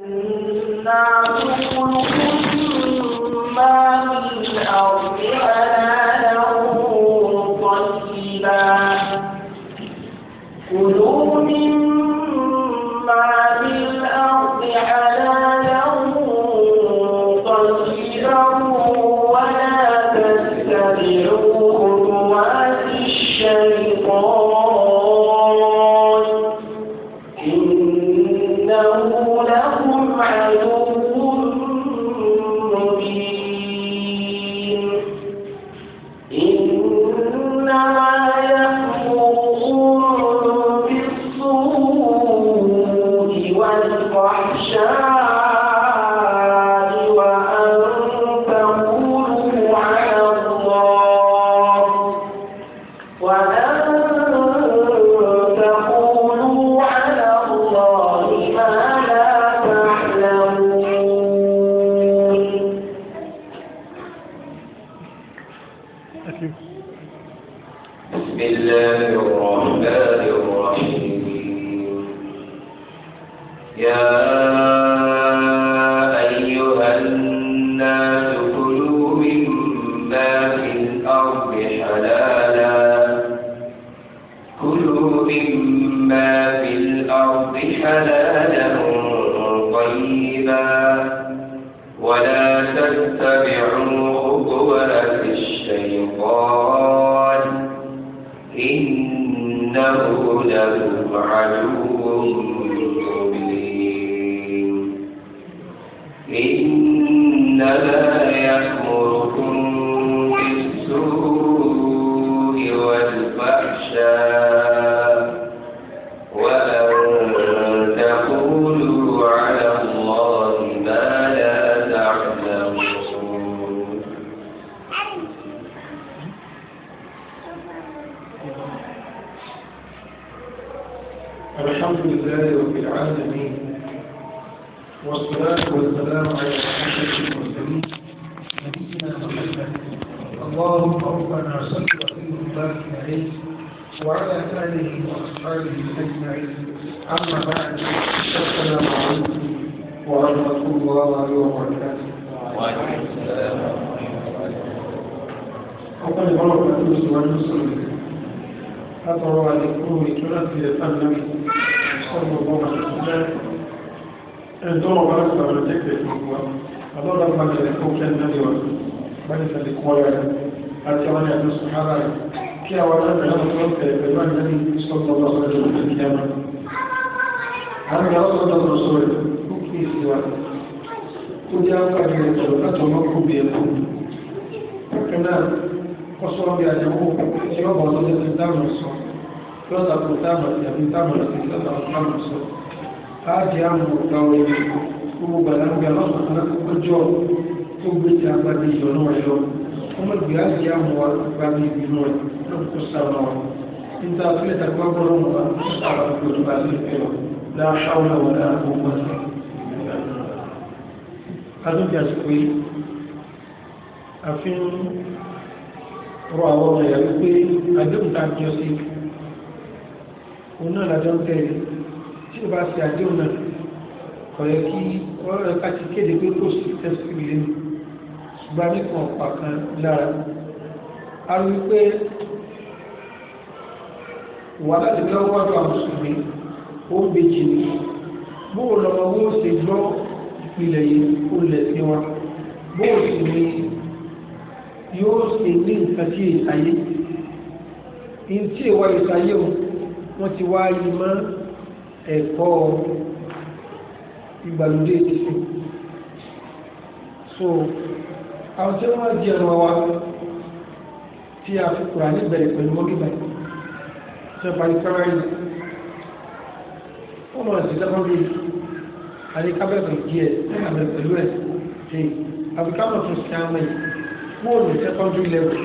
إنا خلقكم ما في الأرض sí pé a fi ń rọ àwọn ọmọ ìyá wípé àdéhùn tá a jọ sí òun náà lájọ ń tẹ̀lé tí o bá ṣe àdéhùn náà kò yẹ kí ọ̀rọ̀ ẹ̀ka ti kéde pé kò sí tẹ́sí ilé ṣùgbọ́n a ní kan ọ̀pá kan lára a rí i pé wàhálà ti gbọ́ wọ́n àwọn mùsùlùmí ó ń bejì ní bó o lọ́mọ wọ́n ṣe gbọ́ ilẹ̀ yìí ó lẹ̀ sí wọn bóò sì ni yóò ṣe ní nǹkan tí ìsáyé ntí ìwà ìsáyé o wọ́n ti wá yìí mọ́ ẹ̀kọ́ ìgbàlódé ti sùn so àwọn tí wọ́n di ẹ̀rọ wa tí a fi kura ní bẹ̀rẹ̀ pẹ̀lú mọ́kìlá ṣe parí kára yìí wọ́n mọ̀ sí sẹ́kọ́ndì yìí àti kábẹ́ẹ̀tì díẹ̀ àti pẹ̀lú ẹ̀ ṣe àti kábẹ́ẹ̀tì tún sí àwọn ẹ̀yìn fóònù secondary level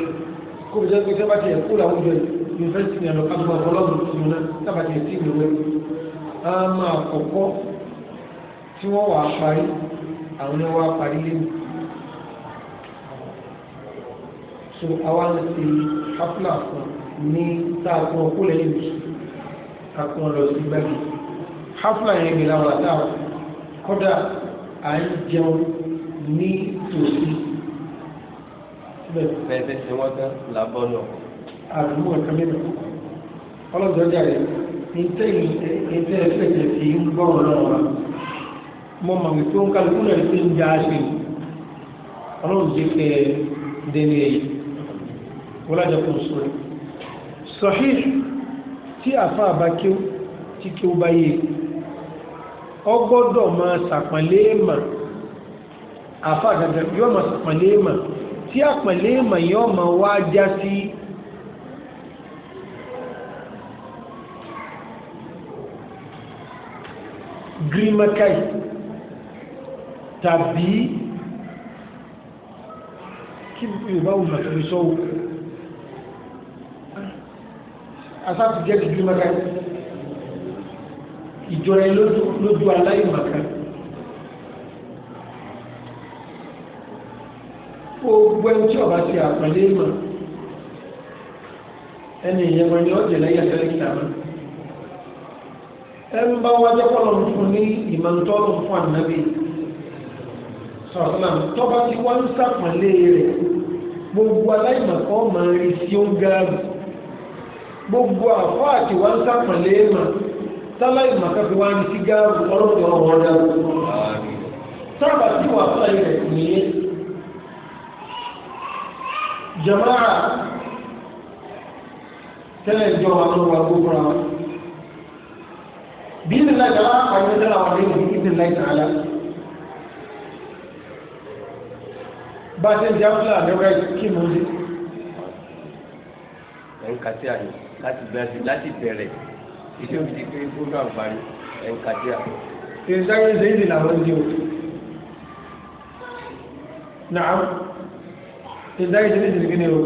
kó fi jẹ́ pé sẹ́bà tiẹ̀ kó làwọn jọ yunifásitì ní àlọ́ kábọ̀ ọlọ́run ti mú náà sábà tiẹ̀ sí ìlú wẹ̀. àmà àkọ́kọ́ tí wọ́n wà á parí àwọn ni wọ́n á parí léwu. so àwa ń ṣe kápúlà fún ní sáàkùn ọkọ lẹ́yìn àkùn lọ sí gbàgbé kápúlà yẹn gbé láwọn àtàwọn kódà à ń jẹun ní tòsí. bẹ́ẹ̀ ṣe wọ́n tán làbọ́ lọ. àdúgbò kan mẹ́ta ọlọ́dọ̀ọ́jà rẹ̀ níta ìtẹ́ ẹ̀fẹ̀jẹ̀ sí ń gbọ́rọ̀ lọ́wọ́ mo mọ̀ wípé ó ń kálukú náà ṣe ń já ṣe ọlọ́run jẹ́ kẹ́ ẹ délé yìí wọ́n lájọ kó sọ̀rọ̀ sọ̀hí tí àfa àbá kí ó tí kí ó bá yé e ọgbọ́dọ̀ máa sàpọ̀lé èèmà àfa àgàgà yóò máa sàpọ̀lé èèmà tí àpọ̀lé èèmà yóò máa wá já sí gírímẹ́kàì tàbí kí yorùbá wù màtòlùsọ́wọ́ asáàtì jẹ́ gírímẹ́kàì ìjọra lójú aláìmọ̀ká. gbogbo ẹni tí ọba ti àpẹẹlẹ mọ̀ ẹni ìyẹn wọn ni ọ̀jẹ̀ lẹ́yìn àtẹlẹ́kìtà mọ́ ẹnu bá wá jẹ́ kọ́lọ̀ fún ní ìmọ̀ntọ́lọ̀ fún ànábì sọ̀rọ̀sọ̀lá tọ́ba ti wá ń sàpọ̀lé rẹ̀ gbogbo aláìmọ̀kọ́ máa rí sí ó ń gáàbù gbogbo àfọ́ àti wá ń sàpọ̀lé mọ̀ sáláì màkàfi wá ní sígá ọlọ́pàá ọmọ ọdá sábà tí wàá sáyé rẹ nìyé jamaa tẹ́lẹ̀ jọ àwọn ọmọ gbogbo ra bí ní láì dára àwọn ẹgbẹ́ tẹ́lẹ̀ àwọn ẹgbẹ́ ní ní láì dára bá a ti ń jáfúlà lọ́wọ́ kí mo dé. ẹ̀ ń kàtí àyè láti bẹ̀rẹ̀ ìdí òbí ti pé gbogbo àǹfààní ẹ̀yìn kàdíà. ìrìnsáré ṣe ìdí làwọn ń di o. nàá ìrìnsáré ṣe ìdí kí ni o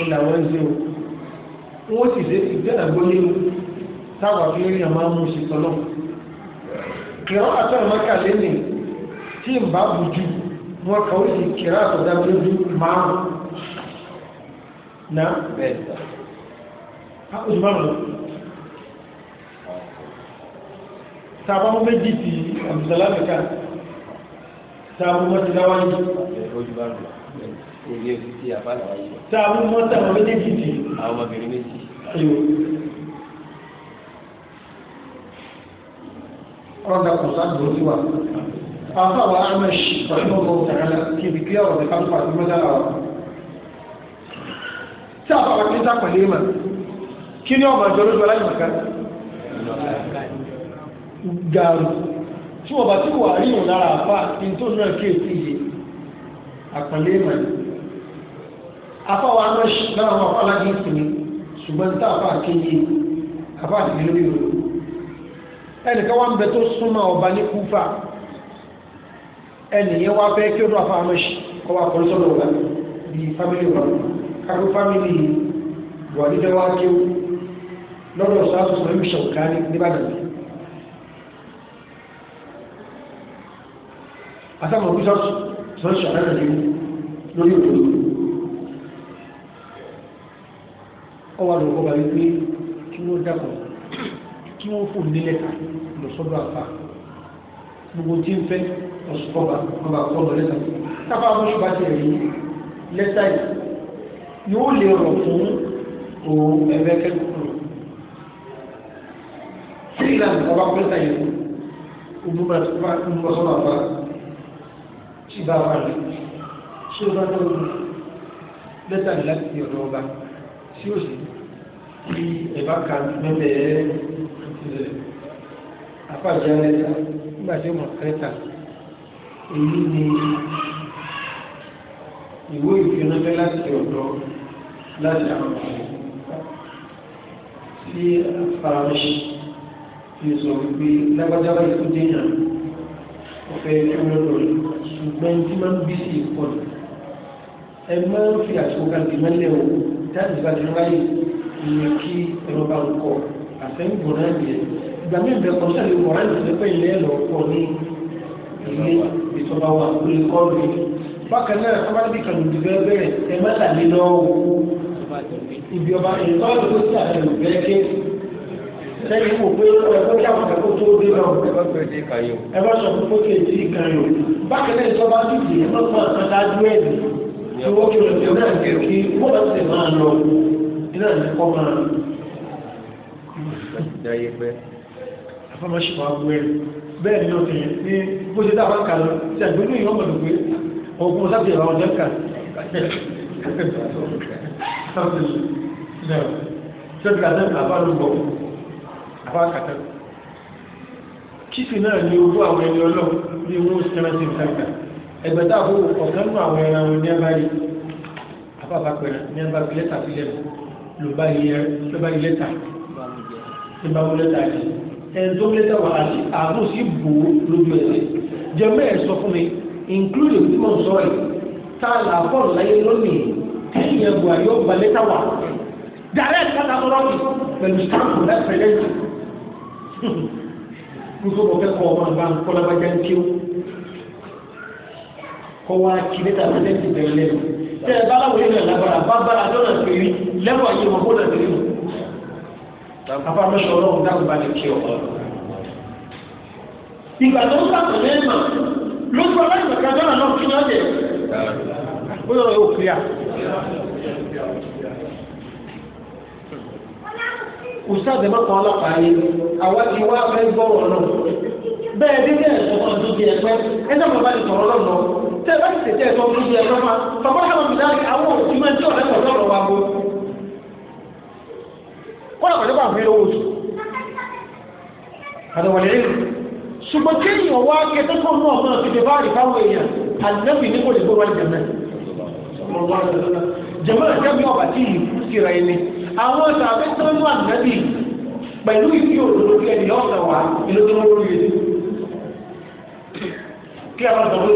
ó làwọn ń di o. wọ́n sì ṣe ìgbẹ́nàgbọ́lé o táwọn akéwì yẹn máa ń mú sí tọ́lọ́. ìrànwọ́ àtọ́nà máa kà lé tí n bá bujú wọn kà ó kíra àtọ̀dá lójú márùn-ún. na bẹ́ẹ̀ sọ oṣù márùn-ún tàbá mú méjì ti àbùsàlá mẹ́ka tàbá mú ti dáwáyé tàbá mú tàbá méjì ti àwọn ọmọbìnrin méjì ọ̀rọ̀dà kò sáàdùn sí wa afáwà amash rahimahullah ta'ala kí ibi kí ọ̀rọ̀ ti ká tó pàtó mọ́tàlá wa tí a bá wà kí sá pẹ̀lú ìmọ̀ kí ni ọmọ ìjọ lójú aláìmọ̀ká gàrú tí wọ́n bá tí wà rí òun lára àpá ní tó náà kéèsì yìí àpọ̀lé ìmọ̀ apá wa náà lára wọn apá lájú ìsinmi ṣùgbọ́n ní táàpá kéye apá àtìlẹ́ lórí òru ẹnìkan wá ń bẹ tó súnmọ́ ọba ní kúfà ẹnìyẹn wá fẹ́ kí ó dún apá amẹ́ṣì kọ́ wa kọ́ sọ́dọ̀ ọ̀gá bíi fámìlì wa kákó fámìlì wà nídẹ́wà kéwù lọ́dọ̀ sáàtù sọ̀rọ̀ ṣọ̀kárì nìbàdàn àtàwọn òbí sọ̀rọ̀ ṣọ̀kárì nìbàdàn lórí òkú ọwọ́ àdùnkọ́ bá rí pé kí wọ́n dàpọ̀ kí wọ́n fò nílẹ̀ lọ sọ́dọ̀ àfà gbogbo tí ń fẹ́ ọ̀sùnkọ́ba ọba ọ̀gbọ́n lẹ́tà tábà wọ́n ṣùgbọ́n ti rí lẹ́tà yìí yóò lè rọ̀ fún òun ẹ̀fẹ́ kẹ́kọ̀ọ́ náà nǹkan bá pẹ́ẹ́ta yẹn kú ojú bá tó bá ń bọ́ sọ́nà bá tí bá wà lé ṣé o bá tó lẹ́tà ní láti ọ̀dọ̀ ọba tí ó sì kí ẹ̀bá ka mẹ́tẹ̀ ẹ̀ ẹ̀ àpàjá lẹ́tà nígbà tí ó mọ̀ lẹ́tà èyí ni ìwé ìfiránṣẹ́ láti ọ̀dọ̀ láti àwọn ọ̀dọ̀ sí àfàràmẹ́sì tí o sọ wípé lágbájára yìí tó déyàn ó fẹ́ kí wọ́n lọ rí ṣùgbọ́n tí máa ń bí sí ìpọ̀ ní. ẹ máa ń fi àsìkò kan tì mẹ́lẹ̀ o táàbì bá ti ráyè ìyẹn kí ẹ̀rọ bá ń kọ àfẹ́ǹgbò náà yẹ. ìgbà mi bẹ kọ́ sáré kọ́ láti lè pẹ́ ilé ẹ̀rọ pọ̀ ní ilé ìtọ́ba wa lórí kọ́ọ̀lù yìí. bákan náà ọba níbi kàlùdì bẹ́ẹ̀ bẹ́ẹ̀ ẹ má tàlé lọ́wọ́ ibi ọba ìtọ́jú tó ti sẹ́yìn wò pé ẹgbẹ́ kí àwọn ẹ̀kọ́ tó dé lọ. ẹgbẹ́ pé èdè kan yìí. ẹgbẹ́ sọ fún pé èdè kan yìí. bákan náà ìjọba dìde lọ́pọ̀ nǹkan dájú ẹ̀ ní. ìwọ kí lóde náà kí kí wọ́n bá ti máa lọ iná ní kọ́ máa. ìdáyé pẹ́. afọmọṣẹ́ wa wẹ̀ bẹ́ẹ̀ ni ọ̀sẹ̀ yẹn ní bó ṣe dáhùn kà lọ sí àgbẹ̀lú ìyọ́ mọ̀ lópe ọgbọ́n sábẹ̀ ìwà ọ̀jẹ̀ kà. sọ́dọ̀ àti àbálòpọ̀ àbákàtà kìsì náà ní ojú àwọn ẹni ọlọ́run bí wọ́n ṣe rántí nǹkan ẹgbẹ̀ta àbò ọ̀kan nù àwọn ẹran ní ẹ bá rí àbábá pẹ̀rẹ̀ ní ẹ bá fi lẹ́tà sílẹ̀ ló bá rí lẹ́tà ní bá wọ́n lẹ́tà yìí ẹni tó lẹ́tà wà á sí àánú sí bò ó lójú ẹsẹ̀ jẹ́mẹ́ ẹ̀ sọ fún mi include bí mo sọ ẹ̀ tá a là bọ̀ láyé lónìí kẹ́yìn ẹ̀ bùhá yóò gba lẹ́tà wà direct nítorí ọ̀fẹ́ kọ́ ọmọ àgbà ńkọ́lábájá ń kí ó kọ́ wá kí níta ní ẹ̀sìn bẹ̀rẹ̀ lẹ́nu tẹ́ ẹ báláwo yìí náà lágbára bá bára tó náà péré lẹ́wọ̀ ayé wọn kó náà péré mu. afáfẹ́sọ̀ ọlọ́run dáhùn bá ní kí ọ. ìgbà tó ń sàmù lẹ́ẹ̀mà ló sọ láì mọ̀ká dáhùn náà kí ni ó o ó yọrọ yóò kúrìà. ustaz mọ́kàn ọlọ́pàá yìí àwa ti wá fẹ́ gbọ́rọ̀ náà bẹ́ẹ̀ dídí ẹ̀sọ́ kan tó di ẹgbẹ́ ẹ̀dá bàbá ti sọ̀rọ̀ lọ́nà tẹ́ bá ti tètè ẹ̀sọ́ tó di ẹgbẹ́ fa bàbá àwọn mi àwọn máa tí wa bó ṣùgbọ́n kéèyàn wá kó fi bá èèyàn ní àwọn ìsàbẹ̀ tó ń wà nẹ́bì pẹ̀lú ìdí òdòdó kí ẹni ọ̀sẹ̀ wá ìlú tó ń lórí yẹn kí àwọn sọ pé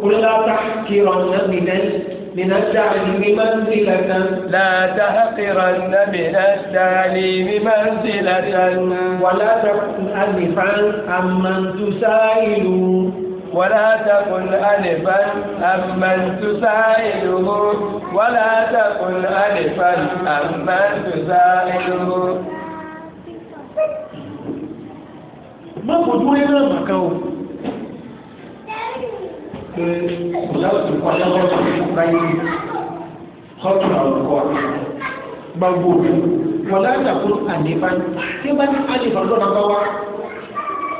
kúlẹ̀ tákìrọ̀ nẹ́bì náà من الثعلب منزلة لا تحقرن من الثعلب منزلة ولا تكن ألفا عمن ولا تقل ألفا أمن تساعده ولا تقل ألفا أمن تساعده má kò tó yẹ náà màkà o. ìyáwó kọjá lọ́wọ́ fún káyé sọ́tù àwùkọ́ gbàgbó wọ́n dáadáa kó àlèbá tí ó bá ní àlèbá lọ́nà bá wá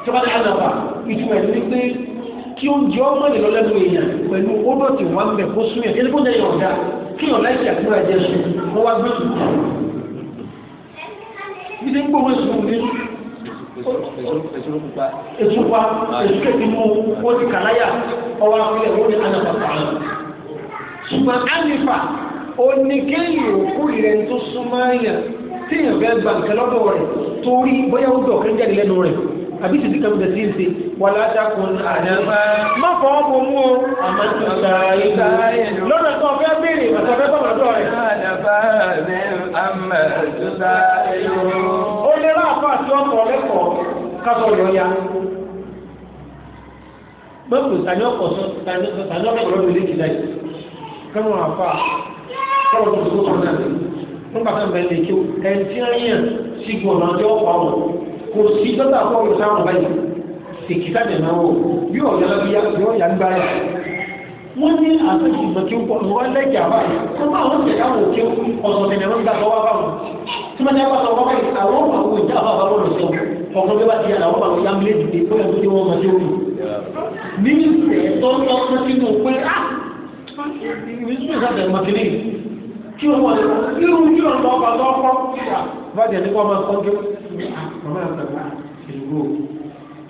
tí ó bá ní àlèbá ìtumọ̀ ẹ̀ ní tí ó jẹ́ ọmọ ìlú lẹ́nu èèyàn pẹ̀lú ódò tí wọ́n ń bẹ̀ kó sún yẹn kíni kó jẹ́ yọ̀ọ̀dá kí yọ̀ láìsí àkúrà jẹ́ sùn wọ́n wá gbé sùn. bí ṣe ń gbòòrò sùn ní ètùpa ètùkẹ́ ti mú ó ti kàláyà ọwọ́ akílẹ̀ ó ní anáfàfà rẹ̀. ṣùgbọ́n ánífà ó ní kéèyàn òkú rẹ̀ tó súnmọ́ yẹn téèyàn fẹ́ gbà nǹkan lọ́dọ̀ rẹ̀ torí bóyá ó dọ̀ kẹ́ńjáde lẹ́nu rẹ̀ àbí títí kan bẹ̀ sí ìsìn wà látàkùn àdámá. má fọ́ ọ́ mú o. àmọ́ tó ta ìta yẹn. lọ́nà kan fẹ́ béèrè àti ọ̀fẹ́ bọ̀mọ̀ lọ́dọ̀ rẹ̀. àdàbà mi àmọ́ tó ta ìlú. ó lé láàfà tí wọ́n kọ́ lẹ́kọ̀ọ́ kátó lọ ya. mọ́tò tani ọkọ̀ sọ tani ọkọ̀ tani ọkọ̀ lọ́dọ̀ ilé kìlá yìí. kánú àfà kọ́lọ̀ tó tó kọ́ náà. nígbà tó ń bẹ̀rẹ̀ kò sí dọ́tà fún ọ̀rọ̀ sáwọn báyìí èkìtà dẹ̀ náà wò bí ọ̀yà bí yọ ya gbá rẹ̀. wọ́n ní àtúntò ìgbà tí ó pọ̀ lọ́wọ́ lẹ́jà báyìí wọ́n bá àwọn ìṣẹ̀dá wò kí ọ̀sán tẹ̀lé wọn gbà lọ́wọ́ bá wọn. tí wọ́n ní wọ́n sọ wọ́n báyìí àwọn ọmọ àwọn ìjà bá bá wọn sọ ọkọ bí wọ́n ti yàrá wọ́n bá wọn yámúlé dìde ó yẹ kó tí wọ́n mọ̀ sí òkú. ní ìṣẹ̀tọ́ kí o mọ̀ lẹ́kọ̀ọ́ irú kí o mọ̀ ọkọ̀ lọ́kọ́ kíkà bàjẹ́ ní kọ́ máa kọ́jú màmá àgbàgbà ìlú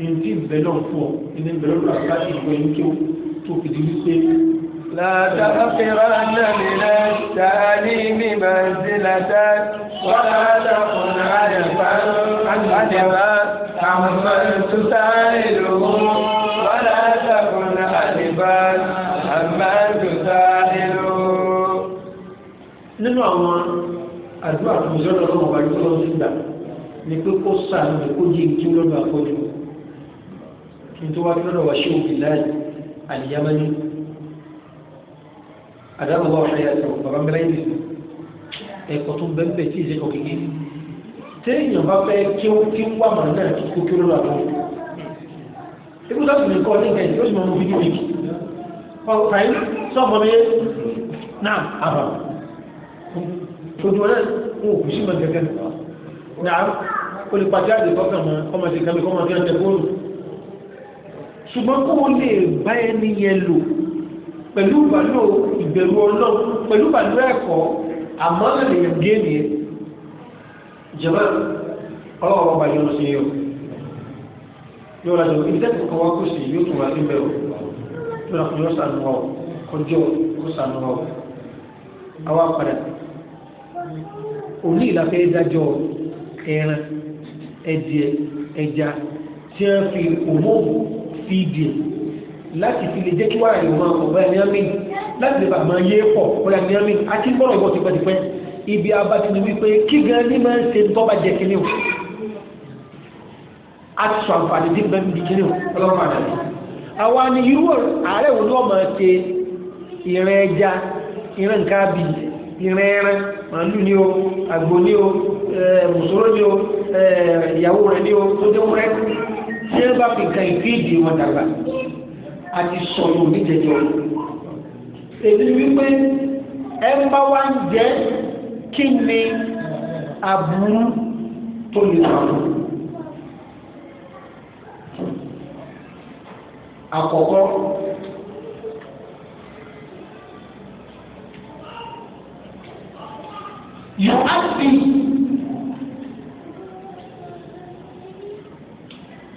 ìdí ìbẹ̀lọ̀ fún ọ ìdí ìbẹ̀lọ̀ fún àgbà ìgbọ̀ yín kí o tó fi di wípé. láti afẹ́rẹ́ ànámi náà tààlí mi máa ń sí làtà wọ́n á dàkùn àdàbà àdàbà àwọn nínú àwọn àdúrà tó ń sọ̀rọ̀ lọ́wọ́ wájú tó ń gbà ni pé kó sàánú ni kó jí kí lọ́dọ̀ àkọ́jú kí n tó wá lọ́dọ̀ wá ṣé òbí láàyè àlìyámání àdáàbò wa ọ̀ṣẹ́ yàtọ̀ bàbá ń bẹ́rẹ̀ yìí ẹ̀kọ́ tó bẹ́ẹ̀ bẹ́ẹ̀ tí ì sẹ́kọ̀ọ́ kékeré téèyàn bá fẹ́ kí ó kí ó wà mọ̀ náà kí ó kí lọ́dọ̀ àkọ́jú ibi tó ti kọ́ ní yìí ó sì mọ̀ mọ́ fídíò yìí. ọ̀pọ̀ ẹ̀yìn sọ́ọ̀mọ́ mi náà àbàwọ̀ tòtò náà ń òkú sí ma gẹ́gẹ́ náà olùpàtí àdè kọ́kàn mọ́ kọ́mọ ti kàmi kọ́mọ fi ọ̀tẹ̀ fóònù ṣùgbọ́n kó o lè bá ẹni yẹn lò pẹ̀lú pẹ̀lú ìbẹ̀rù ọlọ́run pẹ̀lú pẹ̀lú ẹ̀kọ́ àmọ́ lè gé mi yẹn jẹ̀mọ́ ọlọ́wọ́ bá yọ̀ sí yẹn o yóò lọ sọ ilé ẹ̀kọ́ wa kò sí yóò tún wá sí bẹ́ẹ̀ o yóò lọ sọ yóò sànù wa o kọjọ́ kó sànù òní ìlàfẹ́ ìdájọ́ ẹran ẹdìẹ ẹja tí wọ́n fi òmóòmù fi dì láti fi lè jẹ́ kí wàrà yìí máa ọ̀bẹ ní amí láti lè bà máa yé pọ̀ ọ̀bẹ ní amí àti gbọ́dọ̀ ìbọ̀ tipẹ́tipẹ́ ibi abatini wípé kí gan ni máa ń ṣe tọ́ba jẹ kínní o àti sọ àǹfààní dín bẹ́ẹ̀ bí kínní o ọlọ́run máa dàbí. àwa ni irú ààrẹ wo ni wọ́n máa ṣe ìrìn ẹja ìrìn nǹkan bíi ìrìn ẹran màálù ni o àgbò ni o eh, mùsùlùmí ni o eh, ìyàwó rẹ̀ ni o tó dé wúrẹ́ tí ẹ bá fi ka ìkéde wọn dàgbà àti sọ̀rọ̀ níjẹjọ. èmi wípé ẹ ń bá wá ń jẹ́ kí ni aburú tó lè sọ̀rọ̀. àkọ́kọ́. يؤدي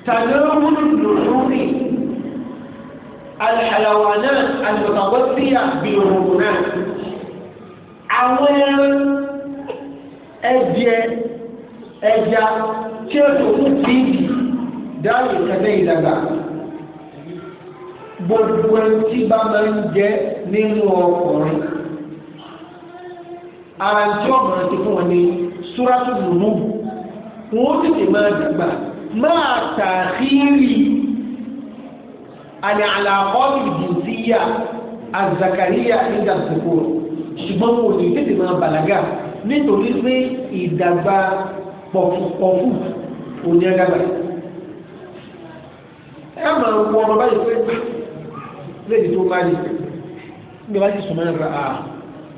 تناول النحور الحيوانات المتوفية بالهرمونات àwọn ẹ̀jẹ̀ ẹja tí ó tó fún tíìkì dáàbò kẹlẹ́ ìdàgbà gbogbo ẹni tí bá máa ń jẹ nínú ọkùnrin ara tí ó máa ti fún wọn ní súrátù lùmú wọn ó tètè máa dàgbà máa tààkìrì àlẹ́ àlàkọ́ọ̀tì ìdìsíyà àzàkàríyà nígbà sòkò ṣùgbọ́n wọn ò ní tètè máa bàlágà nítorí pé ìdàgbà pọ̀fù òní ẹ̀dàgbà ẹ máa wọ ọmọ báyìí pé ah, lẹ́yìn tó bá yìí bí wọ́n bá ti sọ̀rọ̀ ẹ̀ rà á.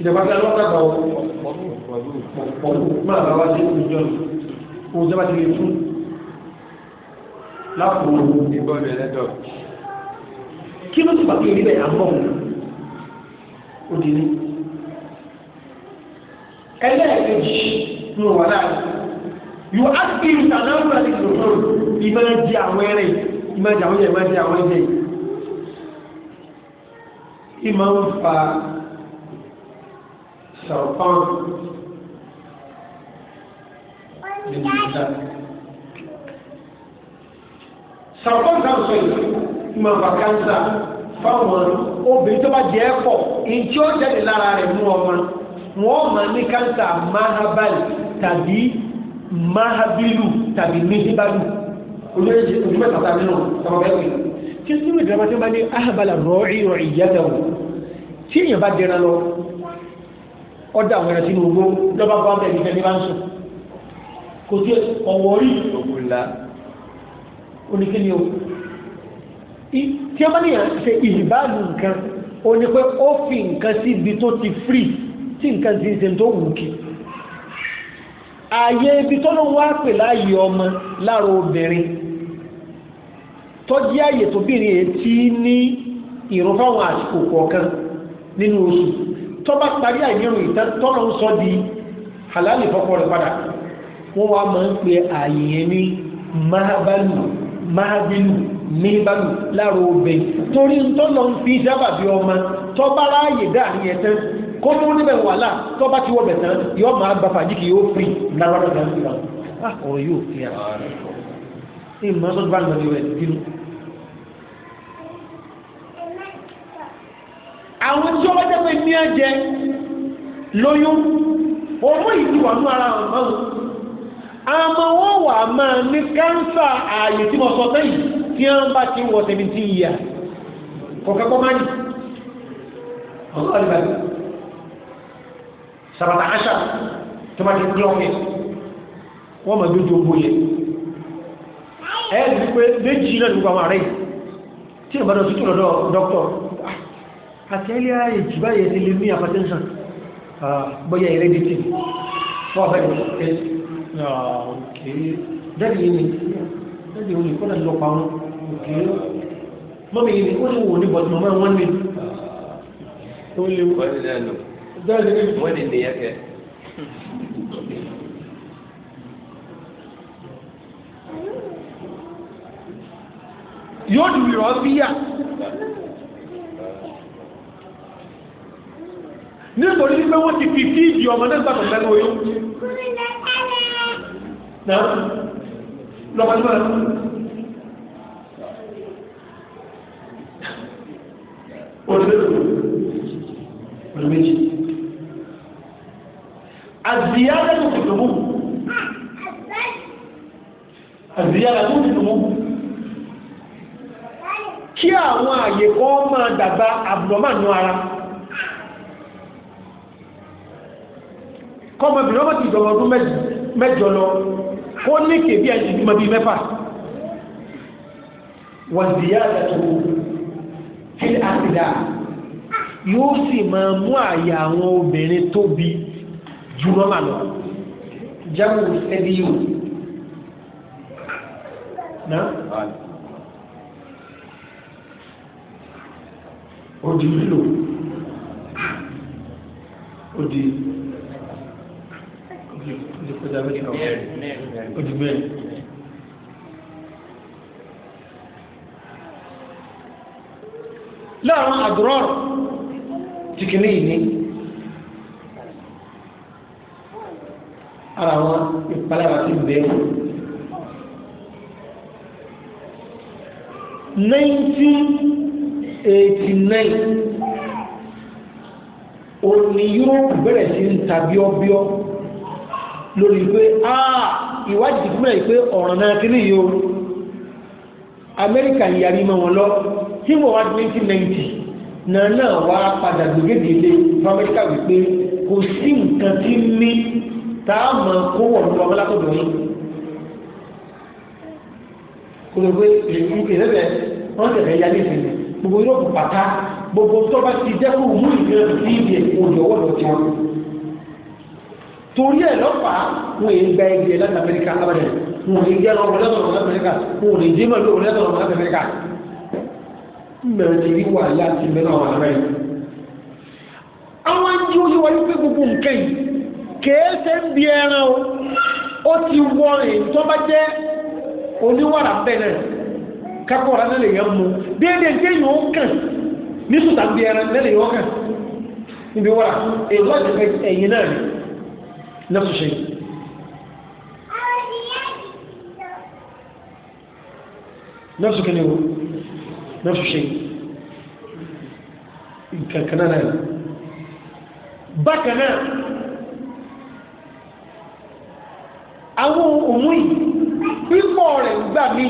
ìjọba tí a lọ́kà gbà ó pọ̀lú máa bá wá sí ìjọ kó jọba ti lè fún lápò ìbọn ẹlẹ́dọ̀. kí ló ti pàtó ìrí bẹ́ẹ̀ àbọ̀ òdìrí ẹlẹ́ẹ̀kejì ń wà láàyè yóò á ti kiri sàdáwó àti ìdòdò ìmọ̀ di àwọn ẹrẹ̀ ìmọ̀ di àwọn ẹrẹ̀ ìmọ̀ di àwọn ẹrẹ̀ ìmọ̀ ń fa شرطان للإنسان ṣàkóso kan sọ yìí ìmọ̀ vakansa fáwọn obìnrin tó bá jẹ́ ẹ̀kọ́ ìtí ó jáde lára rẹ̀ mú ọmọ wọn máa ní kansa mahabal tàbí mahabilu tàbí mihibalu olóyèjì ojúmọ̀ tàbí nínú ọmọ bẹ́ẹ̀ wí. tí sinmi ìdílé wọn ti máa ní ahabala rọ̀ọ́rì rọ̀ọ́rì yàtọ̀ tí èèyàn bá dẹran lọ ọdọ àwọn ẹran sínú ogbó lọba bá bẹ́ẹ̀ nífẹẹ ní bá ń sùn kò sí ọwọ́ rí ògùnlá oníkíni o tí a máa níyàn ṣe ìbáàlù nǹkan o ní pé ó fi nǹkan sí ibi tó ti firi tí nǹkan ti ń ṣe tó wù kí ààyè ibi tó ló ń wá pè láàyè ọmọ lára obìnrin tọ́jú ààyè tóbìnrin èyí tí ní ìrún fáwọn àsìkò kọ̀ọ̀kan nínú oṣù tọ́ba parí àìnírun ìtàn tọ́lọ̀ ń sọ di halali fọ́kọ́ rẹ̀ padà wọ́n wá máa ń pe ààyè yẹn ní mahabalu mahabilu mihibalu láàrọ̀ obè torí tọ́lọ̀ ń fi dábà bí ọmọ tọ́ba ráàyè dáàrin yẹn tán kó tó níbẹ̀ wàhálà tọ́ba ti wọ̀ bẹ̀ tán yóò máa gba fàájìkì yóò fi lára lọ́dọ̀ náà ọ̀rọ̀ yóò fi hàn. ìmọ̀ sọ́dọ̀ bá ń lọ àwọn tí wọ́n dẹ́gbẹ́ ní ẹ̀jẹ̀ lóyún òun yìí ti wà ní ara àwọn ọmọ wọn àmọ́ wọn wà máa ní kánsà ààyè tí mo sọ sẹ́yìn tí wọ́n bá ti wọ seventeen years kọ̀ọ̀kan kọ́ máa nì ọ̀gá ọ̀dùnmá mi sàbàtà àṣà tó máa ti kúlọ̀ ọ̀hún yẹn wọ́n máa dójú owó yẹn ẹ̀ẹ́dì pé méjì náà ló gba àwọn àárẹ̀ tí ìbádọ́ tuntun lọ́dọ̀ dókítọ̀ àti ẹlẹ́ ààyè báyẹ̀ ti lè ní hypertension bóyá heredity fún ọ̀fẹ́ ẹ̀ ọ̀kẹ́ dẹ́bì ní dẹ́bì ní kọ́nà lọ pa wọn ọ̀kẹ́ mọ́mí ní ó ní wò ní bọ̀tí mọ́mọ́ wọn nítorí pé wọ́n ti fi fíìdì ọmọ náà gbàgbọ́ sẹ́nu oyún. náà lọ́pọ̀ tí wọ́n olùdókòwò méjì. àzìyára tó fi tòmú. àzìyára tó fi tòmú. kí àwọn àyè kan máa dàgbà abnormal nù ara. kọ́mọbìnrin ọmọ ti jọ ọdún mẹ́jọ lọ kó ní kèbí ẹ̀jẹ̀ bímọ bíi mẹ́fà wàzíyá àtàtò tí a ti dà yóò sì máa mú àyà àwọn obìnrin tóbi jù lọ́mà lọ jáwù ẹbí yìí náà ó di lílò dá mẹ́ta ọ̀hún ó ti bẹ́ẹ̀. láàrin àdúrà tìkìní yìí ni ara wọn ìpalára ti bẹ́ẹ̀. nineteen eighty nine òní yúróòpù bẹ̀rẹ̀ sí ń ta bíọ́bíọ́ lórí pé áà ah, ìwádìí fúnra yìí pé ọ̀ràn náà kí ni yóò amẹ́ríkà yarí mọ́ wọn lọ tí wọ́n wá twenty ninety náà náà wá padà gbèdéde ilé fún amẹ́ríkà wípé kò sí nǹkan tí ń mí tá a máa kó wọ̀ lọ́wọ́ ọmọlákọ̀dọ̀ yìí kò lè pé ìrẹ́bẹ̀ wọ́n tẹ̀lé yálé ìsinmi gbogbo yóò pàtà gbogbo tó bá ti dẹ́kun mú ìgbẹ́ sí ibi èkó ìyọ̀wọ́ lọ́ọ́ torí ẹ̀ lọ́pàá wọn èyí gba ẹgbẹ́ láti amẹ́ríkà abẹ́rẹ́ wọn èyí jẹ́ lọ́wọ́ lẹ́tọ̀ọ̀ lọ́wọ́ amẹ́ríkà wọn èyí jẹ́ lọ́wọ́ lẹ́tọ̀ọ̀ lọ́wọ́ amẹ́ríkà mẹ́rin ti rí wàhálà ti mẹ́rin àwọn ará yìí. àwọn ẹni ojú wa yóò fẹ́ gbogbo nǹkan yìí ń bi ẹran o ó ti wọ ìtọ́ba jẹ́ oníwàrà bẹ́ẹ̀ náà kákọ́ra náà lè yẹ mú déédéé déèyàn ó kàn ní sùtà ń bi ẹran náà lè yọ kàn níbi wàrà èyí náà نفس الشيء نفس كلمة نفس الشيء كنا بكنا àwọn òmùí pípọ̀ rẹ̀ gbà mí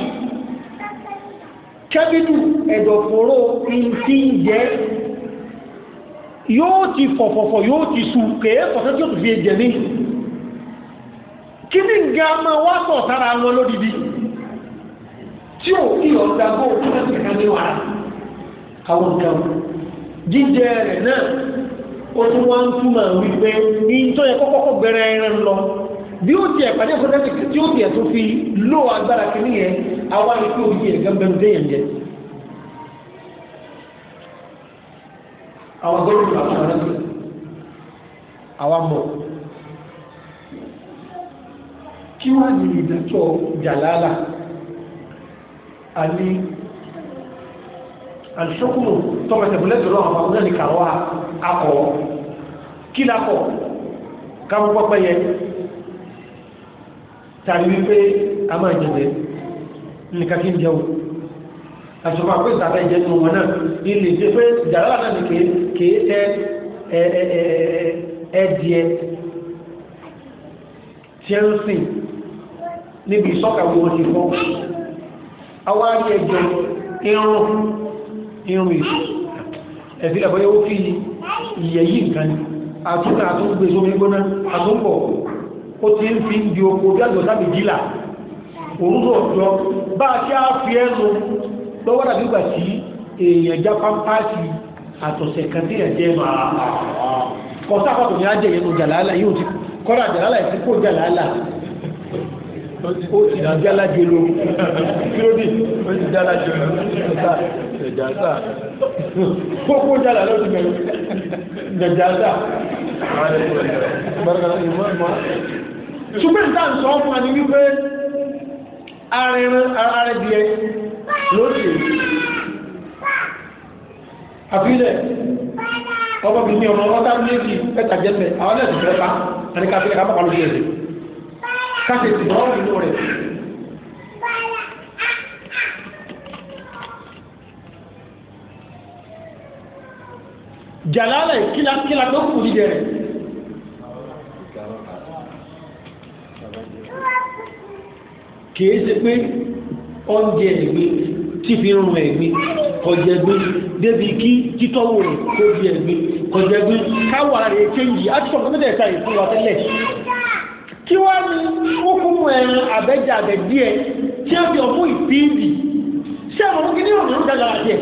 kẹ́bídù ẹ̀dọ̀fóró ìntí jẹ́ yóò ti fọ̀fọ̀fọ̀ yóò ti sùn kèé fọ̀fẹ́ tí ó ti fi jẹ̀ mí kíní nga máa wá sọ̀ sára wọn lódìdí tí ò kí ọ̀dà bó o kíkà kíkà ní wàrà àwọn nǹkan jíjẹ rẹ̀ náà ó tún wá ń túmọ̀ wípé ìjọ yẹ kọ́kọ́ gbẹrẹ ẹran lọ bí ó tiẹ̀ pàdé ìfọdẹ́sì tí ó tiẹ̀ tó fi lò agbára kìíní yẹn àwa ni pé òye ẹ̀gá bẹ̀rù déyàn jẹ. àwọn gbọ́dọ̀ ló bá wọn rẹ̀ àwa mọ̀ kí wàá ní ìdájọ́ jàlálà àní àṣọkùnù tọmọtẹ̀bùlẹ̀ tó náà àwọn ọ̀gá ní kàwá akọ̀ kí lakọ̀ káwọn pọ́pẹ́ yẹ tàbí wípé a máa jẹ̀dẹ̀ nìkan kí n jẹun àṣọpọ̀ àpò ìsàfẹ́ jẹ́ nù wọn náà ilé ìṣe pé jàlálà náà ní kèé tẹ ẹ tí ẹ ń sìn níbi ìsọ́kàwé wọn ti fọ́ àwọn àrí ẹjọ irun irun ìṣù ẹ̀fí àbọ̀yẹ̀wò fi ìyẹ̀ yìí nǹkan ni àtúntà àtúntà sómi gbóná àtúntọ̀ ó ti ń fi di oko bí àjọ sábì jìlà òwúrọ̀ ọ̀jọ́ bá a ti á fi ẹnu lọ́wọ́ dàbí gbà tí èèyàn já pápáàsì àtọ̀sẹ̀ kan tí ẹ̀jẹ̀ ẹnu àkọsáfàtò ní ajẹ́ ìyẹnu jàlálà yóò ti kọ́ra jàlálà ìsìnkú jàlálà ó ti di alájolo kílódì ó ti di alájolo ṣá ẹ̀já ṣá kókó jàdá ló ti bẹ̀rẹ̀ ẹ̀já ṣá. ṣùgbọ́n ìta sọ fún wa ni wípé arìnrìn-arìnrìn lóṣè àfilẹ̀ ọgbọ́n mi ní ọmọ ọlọ́ta méjì ẹ̀ta jẹ́sẹ̀ àwọn ẹ̀sìn fẹ́ pa ẹni ká fi ẹ̀ka pàpà lóṣèlú kásìtì náà nínú rẹ̀. jàlálà kílakíla tó kù ní jẹrẹ. kìí ṣe pé oúnjẹ ẹ̀gbin tí fi rún ẹ̀gbin kọjá ẹ̀gbin débi kí títọ́wò rẹ̀ tó di ẹ̀gbin kọjá ẹ̀gbin káwọn ara rẹ̀ ṣe yìí á ti sọ̀rọ̀ tó mẹ́tẹ̀ẹ̀ta yìí fún wa tẹ́lẹ̀ kí wá ní hukumu ẹran àbẹ́jà àbẹ̀díẹ̀ tí ó fi ọ̀fún ìbíìbì ṣé àwọn ọmọ kìíní ọ̀nà ń dàgbàrà díẹ̀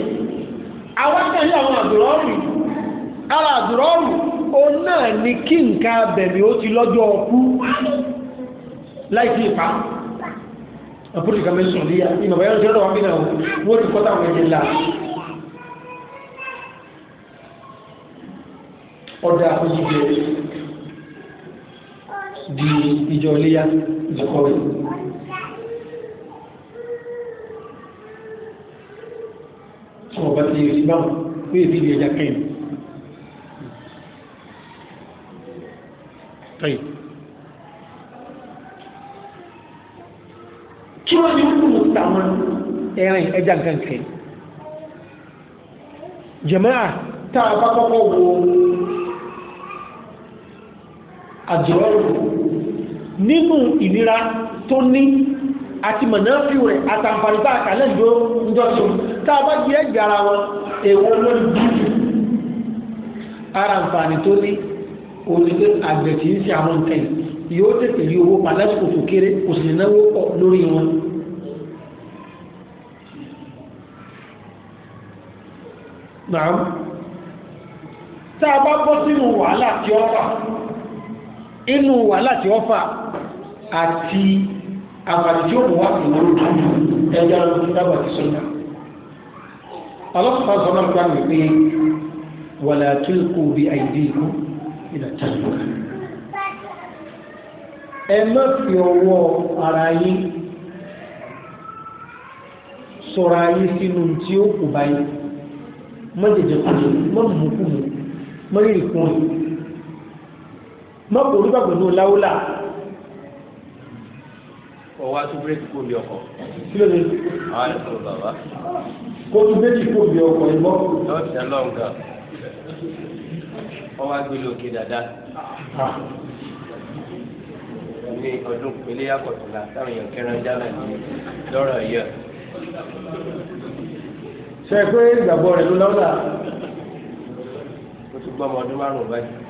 àwọn akẹ́kẹ́ àwọn àdúrọ́ọ̀rù ara àdúrọ́ọ̀rù òun náà ni kí nǹkan abẹ̀mí ó ti lọ́jọ́ ọkú láì sí ìpa àpótí kan mẹ́sàn-án lé ìmọ̀ ẹ̀rọ ìṣẹ́rọ̀ wọn bí náà wọ́n ti kọ́ta àwọn ẹ̀jẹ̀ ńlá ọ̀dà àkójọ di ìjọ iléyà ìjọkọ rẹ. sọ̀rọ̀ bá ti rí báwọn pé èdè ìlú ẹja kẹ́yìn. kẹ́yìn. kí wọ́n ti kú tàwọn ẹran ẹja nǹkan kẹ́yìn. tá a bá kọ́kọ́ wo àjọrò nínú ìnira tó ní àti mọ̀nàfíù rẹ̀ àtàǹfààní bá àkàlẹ̀ ìjọ ìjọsọ tá a bá di ẹ̀jẹ̀ ara wọn èwo lórí bíbí ara àǹfààní tó ní òṣèlú àgbẹ̀ kì í ṣe àwọn nǹkan yìí yóò tètè rí owó pa lásìkò tó kéré kò sì náwó pọ̀ lórí wọn. tá a bá bọ́ sínú wàhálà tí ó wà inú wà láti ọ́fà àti àbàtì tí ó mú wá fún olóòtú ẹja lórí dábà ti sọ́nà ọlọ́pàá sọ́nà nípa mi pé wàlá tó kó bí àìdí ìlú ìlà tàbí ẹ má fi ọwọ́ ara yín sọ̀rọ̀ ayé sínú tí ó kù báyìí mọ́jẹ̀jẹ̀ kù mọ́ mú kù mọ́ mọ́ rírì kù mọ́ mọ́kò orúkọ pẹ̀lú láwùlà. ọwọ́ atúbúrẹ́ ti kó bí ọkọ. kí ló dé. àwọn àìsàn bàbá. kó túbúrẹ́ ti kó bí ọkọ ìbọn. lọ́ọ̀tì alọ́ǹgà ọwọ́ agbélé òkè dáadáa ní ọdún pélé akọ̀tùnlá táwọn èèyàn kẹran jálà ní lọ́rọ̀ yẹ. ṣe é pé ìgbàgbọ́ rẹ̀ ló lọ́la. ó ti gbọ́ ọmọ ọdún márùn-ún báyìí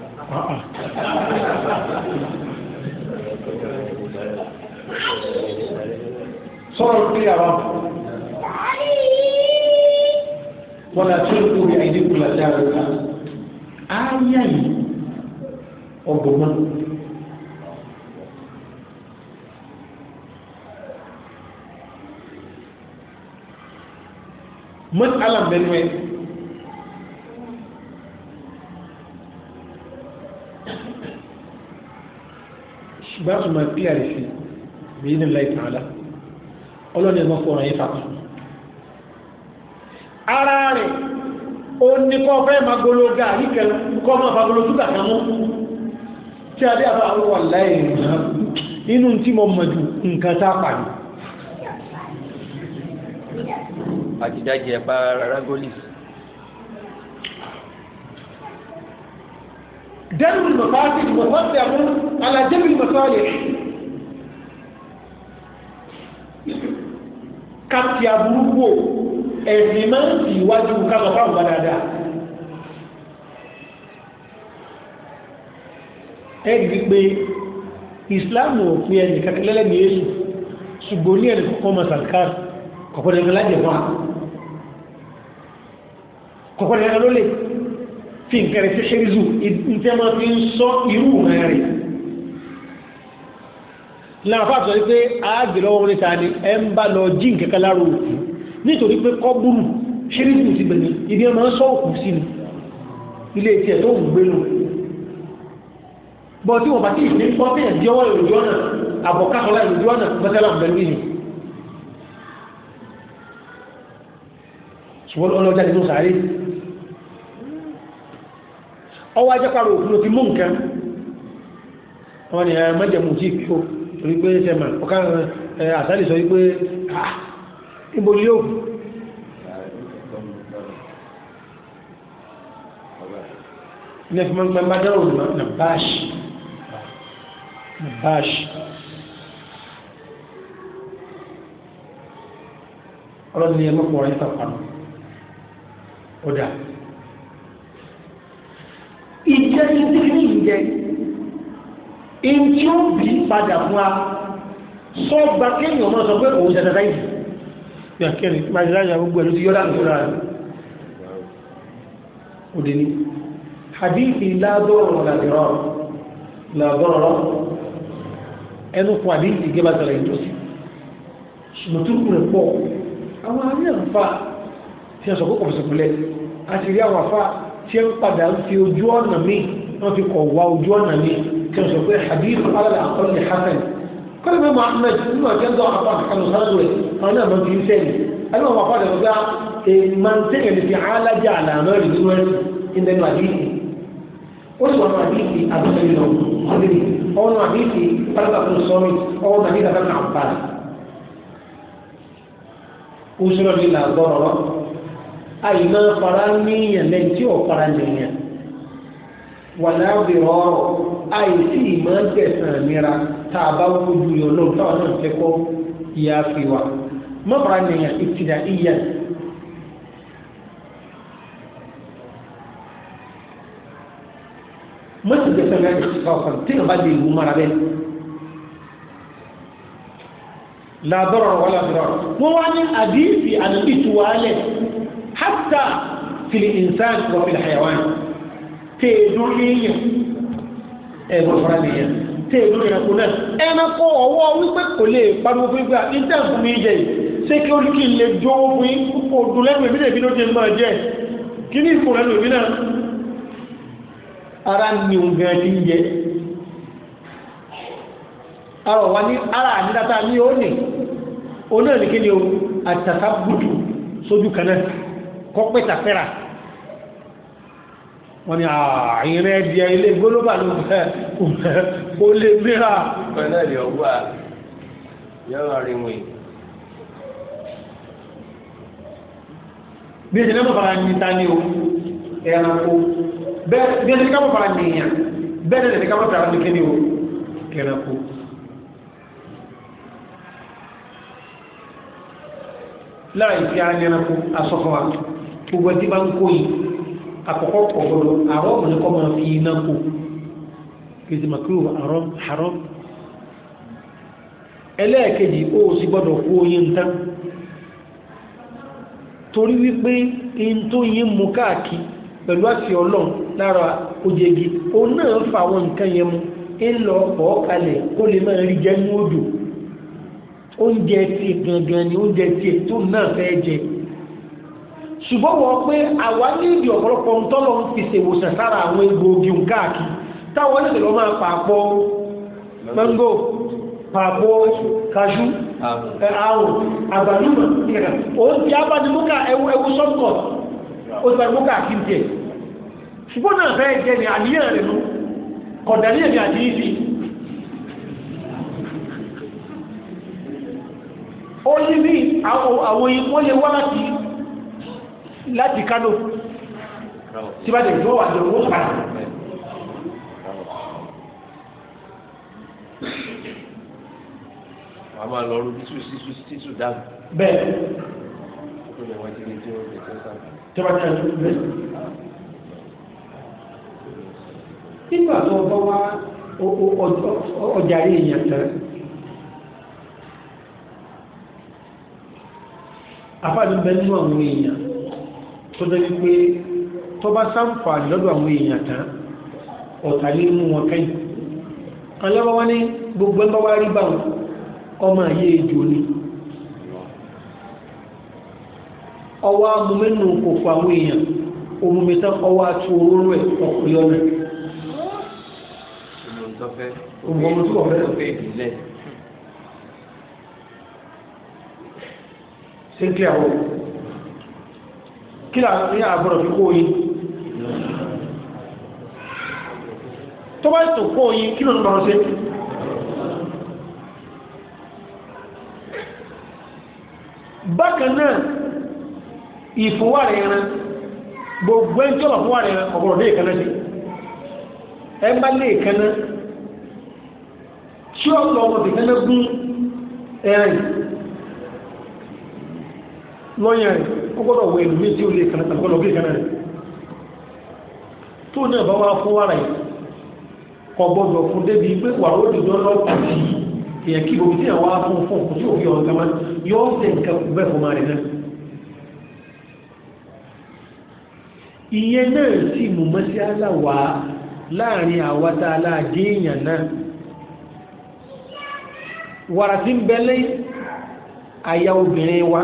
sọ̀rọ̀ pé àwọn wọn àti olùkórí àìdíkùlà dára ká ááyá yìí ọgbọ̀n náà. mọ́tàlá ẹ̀. ṣùgbọ́n àtúmọ̀ ìpìlẹ̀ rẹ̀ sí bí ní láì tàn án lá ọlọ́ni ẹ̀gbọ́n fọ̀rọ̀ yìí fàkùn. ara rẹ̀ ó ní kọ́ fẹ́ máa golo gàrí kọ́ máa fa golo túkà kan mú tí a dé àbá àwọn wà láì nínú tí mo mọ̀ ju nǹkan tá a pàdé. àtidájẹ pa rárá gólì. درب المفاسد مقدم على جلب المصالح káàkiri aburú wò ẹ̀sìn máa ń fi iwájú káàkiri fáwọn bá dáadáa ẹ̀rí wípé ìsìláàmù òfin ẹ̀yìn kakilẹ́lẹ́ ní èṣù ṣùgbọ́n ní ẹ̀rẹ̀ kọ́kọ́ ma sàrkár kọ̀kọ́dẹ̀ẹ́gbẹ̀lá jẹ̀wà kọ̀kọ́dẹ̀ẹ́gbẹ̀lá lólè fi nǹkan rẹ̀ ṣẹṣẹ́ rí zu ìtẹ́ máa fi ń sọ irú rẹ̀ rẹ̀ láàfà sọ pé ààgbè lọ́wọ́ wọn níta ni ẹ ń bá lọ jí nǹkan kan lára òkú nítorí pé kọ́bùrù ṣíríkù ti bẹ̀rẹ̀ ibi ẹ máa ń sọ òkú sí ni ilé tiẹ̀ tó ń gbé lọ bọ́ tí wọ́n bá tí ìpín pọ́ bẹ́ẹ̀ di ọwọ́ ìròyìn ọ̀nà àbọ̀kásọ́lá ìròyìn ọ̀nà mọ́tẹ́lá pẹ̀lú ìhìn ṣùgbọ́n ọlọ́jà nínú sàárè ọwọ́ ajẹ́pàrọ̀ òfin ló ti mú nǹkan wọ́n ni mẹ́jẹ̀mú tí kò torí pé sẹ́mà ọ̀ká àsálì sọ wípé níbo ni yóò ní ẹ̀fí máa ń bá dáwọ̀ ní na báṣì na báṣì ọlọ́dún ni ẹgbẹ́ pọ̀ ọ̀rẹ́ ìtàkùn ọ̀dà ntí ó bì padà fún wa sọgbà kéèyàn ọmọ sọ pé òun ṣẹ̀ṣẹ̀ sáyé yà kẹrin màdìláyà gbogbo ẹni tí yọlá ń tóra rẹ òde ni hadithi ládọrọ làdìrọ làdọrọ ẹnu fún hadithi gẹba tẹlẹ ìtòsí mùtúkù rẹ pọ àwọn àárín àǹfà tí a sọ pé kò fẹsẹ̀ kulẹ̀ àti rí àwọn àfà tí a ń padà fi ojú ọ̀nà mi wọ́n fi kọ̀ wá ojú ọ̀nà mi tí wọ́n sọ pé hadith alẹ́ àkọlẹ̀ hasan kọ́lẹ̀ mẹ́mọ́ ahmed nínú ọ̀jẹ́ ń dọ́ apá àkànú sáré rẹ̀ àwọn náà máa fi ń sẹ́yìn ẹni wọn wàá fàdé ọgá èèmọ̀ntẹ́yìn lè fi alájà àlàmọ́ rẹ̀ nínú ẹni ìdẹ́nu àdìsí ó sì wọn àdìsí àbúsẹ́yìn lọ ọ̀dẹ́ni ọ̀nà àdìsí pálábàkùn sọ́mi ọ̀nà àdìsí àbúsẹ́yìn àbúsẹ́yìn usoro ni la gbọrọrọ ayi ma fara níyàn lẹ́yìn tí o fara níyàn wàlá bìrọrọ àìsí ìmọ̀ tẹ̀sán nira tá a bá wójú yọ lọ́wọ́ táwọn náà fẹ́ kọ́ ìyá fi wa mọ́bàrá nìyẹn ìtìdá ìyá mọ́tò tẹ̀sán nira ìtìdá ọ̀kan tí wọ́n bá di ìwú mara bẹ́ẹ̀ làdọ́rọ̀ wọlé dọ́rọ̀ wọ́n wá ní àdìsí àdìsí tuwálẹ̀ hátà fìlì ìnsán wọ́n fìlì hayawan tèèdùn èèyàn ẹ̀gbọ́n fara mi yẹn tẹ ìlú ìrẹ́kùn náà ẹranko ọwọ́ wípé kò lè pariwo fún gbà níta fún mi jẹ ṣé kí ó kí n lè jówó fún yín kó dùn lẹ́nu èmi lè bí ló ti máa jẹ kí ní ìfò lẹ́nu èmi náà ara ni òun gan ti ń jẹ ara wa ní ara àdídáta ní ó nì òun náà ní kí ni o àtàkà gbùdù sójú kan náà kọ́pẹ́tàfẹ́ra wọ́n ní àìrìn ẹ̀dìyà ilé gbólóbà ló fẹ́ kó lè mìíràn. pẹ̀lú ẹ̀dì ọ̀gbà yọ̀rọ̀ àríwìn. bí ẹ̀jẹ̀ náà bàbá ní ta ni o ẹranko bẹ́ẹ̀ bí ẹ̀jẹ̀ náà bàbá ní èèyàn bẹ́ẹ̀ ẹ̀jẹ̀ náà bàbá ní kíni o ẹranko. láì fi àyẹ̀ranko asọ́fọ́ wa gbogbo ẹtí bá ń kó yìí. àkọ́kọ́ kọ̀gbọ́dọ̀ àrọ́ ọ̀mọ̀ ní kọ́ máa fi iná na kìí màkúrò àrọ́ àrọ́ ẹlẹ́ẹ̀kejì o o si kú oyin nta torí wípé in yi yín káàkiri pẹ̀lú àti lára ojegi o náà fa àwọn nǹkan yẹn mu kó lè máa rí jẹ́ ní odò oúnjẹ tiẹ̀ gangan ni oúnjẹ tiẹ̀ tó náà fẹ́ jẹ ṣùgbọ́n wọ́n pé àwa ní ìdí ọ̀pọ̀lọpọ̀ ń tọ́lọ̀ ń fi ṣèwòsàn sára àwọn egbòogi káàkiri táwọn èdè lọ́ máa pàpọ̀ mango pàpọ̀ kajú àrùn àgbàlùmọ̀ nìkan òun ti abánimúkà ẹwu ẹwu sọ́kọ̀ ó ti banimúkà kí n tiẹ̀ ṣùgbọ́n náà fẹ́ jẹ́ ní àníyàn rẹ̀ nù kọ̀dà ní èmi àti ó yí bí àwọn ìwọ́n wá láti láti Kano tí bá dẹ̀ tó wà lọ wọ́n pa. a máa lọ rú bísú sísú sísú dáàbò. bẹ́ẹ̀. ó lè wá délé tí ó lè tẹ́ sáà. tí wọ́n ti rẹ̀ tó bẹ́ẹ̀. nígbà tó o bá wá ọjà rí èèyàn tán. afáàdùn bẹ́ẹ̀ nínú àwọn èèyàn tó dé wípé tó bá sáǹfààní lọ́dọ̀ àwọn èèyàn tán ọ̀tá ní mú wọn kẹ́yìn alọ́wọ́ wọn ní gbogbo ẹgbẹ́ wá rí báwọn ọmọ ayé èjò ni ọwọ́ amúmẹ́nu òkòkò àwọn èèyàn omumita ọwọ́ àti òróró ẹ̀ ọkùnrin ọ̀nà ọmọ tó kí ya ní fi kó yín tó bá tó kó yín kí ló ń sí. bákan náà ẹran gbogbo ẹni tí a lọ fún wa rẹ ọ̀gbọ̀n lè kanna sí ẹ bá lè kanna tí ó lọ ọmọdé gún ẹran ó gbọ́dọ̀ wọ ẹlòmíì tí ó lè kànáà tàbí gbọ́dọ̀ bí kànáà rẹ̀ tó náà bá wá fún wàrà yìí kò gbọ́dọ̀ fún débi pé wà ó dùn lọ́dọ̀ kùtì èèyàn kí omi tí yàn wá fún fún kùtì òbí ọ̀hún kama yọ ọ́ sẹ̀ nǹkan bẹ́ẹ̀ fún ma rẹ̀ náà. ìyẹn náà sì mú mọ́sí aláwa láàrin àwa tá a láàgé èèyàn náà wàrà tí ń bẹ lẹ́yìn àyà obìnrin wa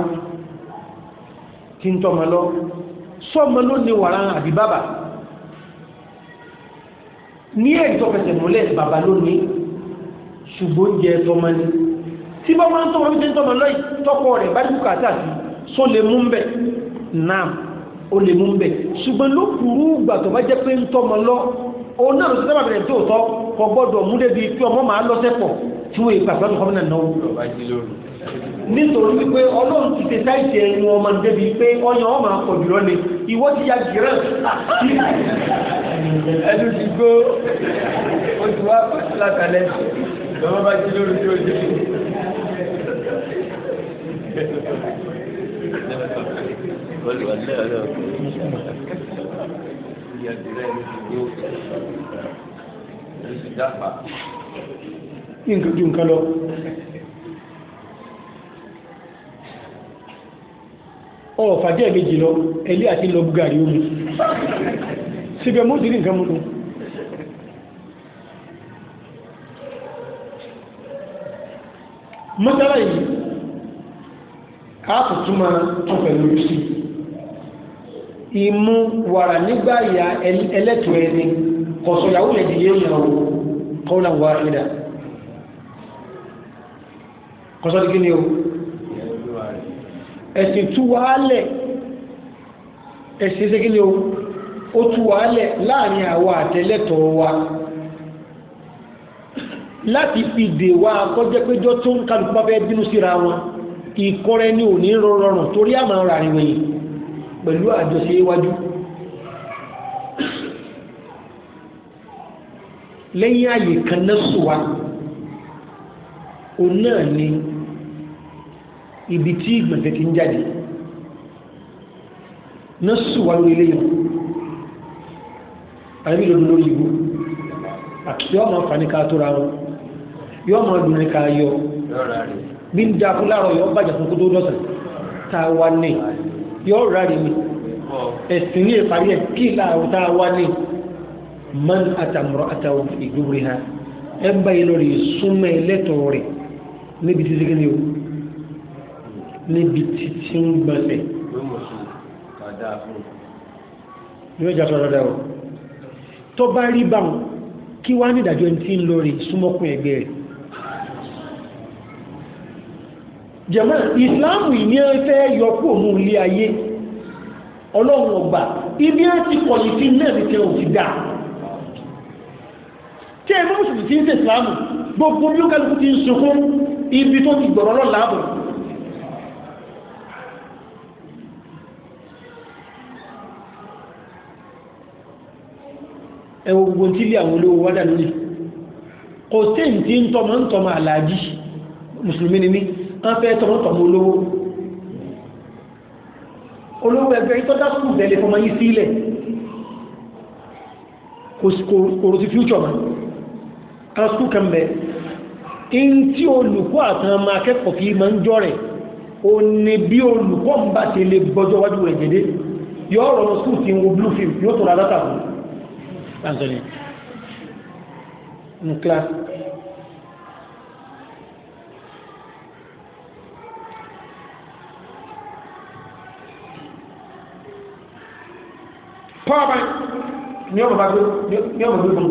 tí ń tọ́mọ lọ sọ́mọ ló ní wàrà àbí bàbá ní ẹ̀rí tó fẹsẹ̀ múlẹ̀ bàbá ló ní ṣùgbọ́n jẹ tọ́mọ ní tí bá máa ń tọ́mọ bí ṣe ń tọ́mọ lọ́yìn tọ́kọ rẹ̀ bá dúkà àtàtì só lè mú ń bẹ̀ náà ó lè mú ń bẹ̀ ṣùgbọ́n ló kúrú ìgbà tó bá jẹ́ pé ń tọ́mọ lọ òun náà ló ti sábà tó tọ́ kọ gbọ́dọ̀ múlẹ̀ bíi kí ọmọ máa lọ́sẹ̀ pọ̀ tí wọ́n ìgbà nítorí wípé ọlọ́run ti ṣe sáìsì ẹnu ọmọ débi pé ọyàn ọmọ àpọ̀jù lọ ni ìwọ ti ya gíràn ẹnu ti gbó oṣù wa pàṣẹ látàlẹ́ lọ́wọ́ bá jí lórí tí ó jẹ́ nǹkan ju nǹkan lọ. ọ̀rọ̀ fàjẹ́ méjì lọ ẹlé àti lọ búgàrí omi síbẹ̀ mú sí ní nǹkan múlò mọ́tàlá yìí àtútúmọ̀ tó pẹ̀lú sí ìmú wàrà nígbà ìyá ẹlẹ́tọ̀ ẹni kọ̀sọ̀yàwó lè di yéèyàn o kọ́ńdà wà ìdá kọ́sọ́ di kí ni o. esi tụwaa wàálẹ̀ ẹ̀sìn ṣẹ́kí ni o ó tú wàálẹ̀ láàrin àwa àtẹlẹ́tọ̀ọ́ wa láti fi dè wá akọ́jẹ́ péjọ́ tó ń kálukú bá bínú síra wọn ìkọrẹ ni ò ní rọrùn torí àmà ọ̀rọ̀ yìí pẹ̀lú àjọṣe iwájú. lẹ́yìn àyè kan náà sùn wa òun náà ni ibi tí ìgbọ̀nsẹ̀ ti ń jáde náà sùn wá lórí ilé yìí àyẹ̀mí lòdù lórí ìbò yóò máa fani ká tó ra wọn yóò máa dùn ní ká yọ bí ń da fún láàárọ̀ yóò bàjẹ́ fún kótó dọ̀sán tá a wá ní yóò rà rí mi ẹ̀sìn ní ìparí ẹ̀ kí láàárọ̀ tá a wá ní man àtàmúrọ̀ àtàwọn ìgbóbìnrin ha ẹ̀ ń báyìí lórí súnmọ́ ẹlẹ́tọ̀ọ́ rẹ̀ níbi títí kí ni o níbi títí ń gbọ̀nsẹ̀. yóò jà sọ dáadáa o tó bá rí báwọn kí wàá nídàájọ́ ẹni tí ń lọ rè súnmọ́kùn ẹgbẹ́ rẹ̀. jẹ̀mọ́ ìsìláàmù ìní fẹ́ yọkú òun ilé ayé ọlọ́run ọgbà ibi á ti kọ̀yìn sí náà ti tẹ òsì dáa tí ẹgbẹ́ òṣèlú ti ń ṣe ìsìláàmù gbogbo bí ó kálukú ti ń sunkún ibi tó ti gbọ̀rọ̀ lọ́la ààbò ẹwọ gbogbo tí ilé àwọn olówó wádà lónìí kò tẹ́yìn tí ń tọmọ ń tọmọ àlàájì mùsùlùmí ni mí wọ́n fẹ́ tọmọ tọmọ olówó olówó ẹgbẹ́ ìtọ́jà sùkúù bẹ̀lẹ̀ fọmọ yìí sílẹ̀ kò rò sí future ma kan sùkúù kan bẹ̀ in tí olùkọ́ àtàn máa kẹ́kọ̀ọ́ fi máa ń jọ rẹ̀ ó ní bí olùkọ́ ń bá ti gbọ́jọ́ wájú rẹ̀ jẹ́dé yọ ọ̀rọ̀ sùkúù ti ń wo blue film yóò tó ra sáńsọ ni nù kílásì. pọ́ọ̀bá ni ọmọ bá gbé ní ọmọ gbé fún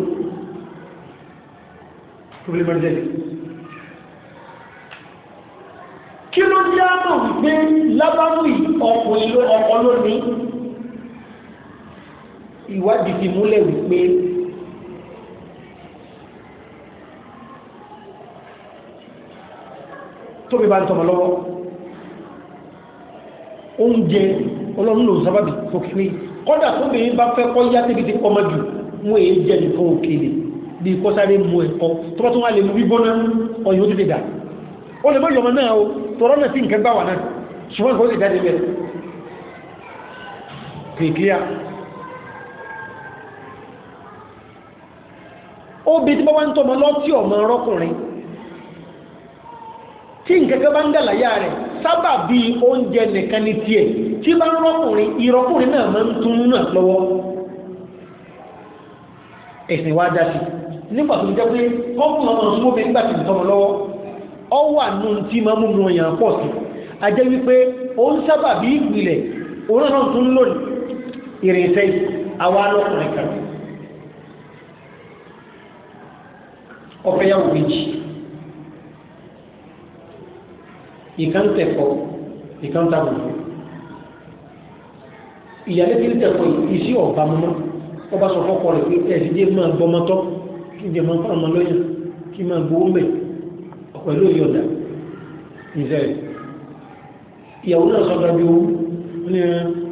problematized kí ló ń yá mọ̀ wípé lábáwí ọkùnrin ọkọ ìwádìí fi múlẹ̀ wípé tóbi bá ń tọmọ lọ́wọ́ oúnjẹ ọlọ́run lòun sábàbí fòkìrí kọ́dà tóbi bá fẹ́ kọ́ yá tẹ́bi ti pọ́mọ jù wọ́n èyí jẹ́ nìkan òkèlè bí kọ́sáré mu ẹ̀kọ́ tó bá tún wà lè mú bíbọ́ná ọ̀yọ́ tó ti dà ó lè mọ́ ìyọ̀mọ́ náà o tọ̀rọ̀ náà sí nǹkan gbà wà náà ṣùgbọ́n ìkọ́sí jáde bẹ́ẹ̀ kìkìyà obì tí bá wá ń tọmọ lọ́tí ọmọ ọrọ́kùnrin tí nkẹ́kẹ́ bá ń dàlàyà rẹ̀ sábà bí oúnjẹ nìkan ní tiẹ̀ tí bá ń rọ́kùnrin ìrọ́kùnrin náà máa ń tún náà lọ́wọ́ ẹ̀sìn wá dá sí nígbà tó ń jẹ́ pé kọ́kùnrin ọmọ ọ̀sùn obìnrin gbà tí tọmọ lọ́wọ́ ọ wà nù tí máa mú mu yàn pọ̀ sí a jẹ́ wípé ó ń sábà bí ìgbìlẹ̀ òun náà tún lò ìrìnsẹ̀ àwa lọ́kùnrin kan ọfẹ yàwó méjì ìkan tẹfọ ìkan tàbí òfò ìyàlẹ́ tí ń tẹfọ ìsí ọba mọ́mọ́ ọba sọ fọ́kọ rẹ̀ pé ẹ̀sìn jẹ́ máa gbọ́ ọmọ tọ́ kí jẹ́ máa fọ́nà ọmọ lọ́yàn kí máa gbowó mẹ́ ọ̀pọ̀ ìlú ìyọ̀dà ìzẹ̀rẹ̀ ìyàwó náà sọ dájú owó ní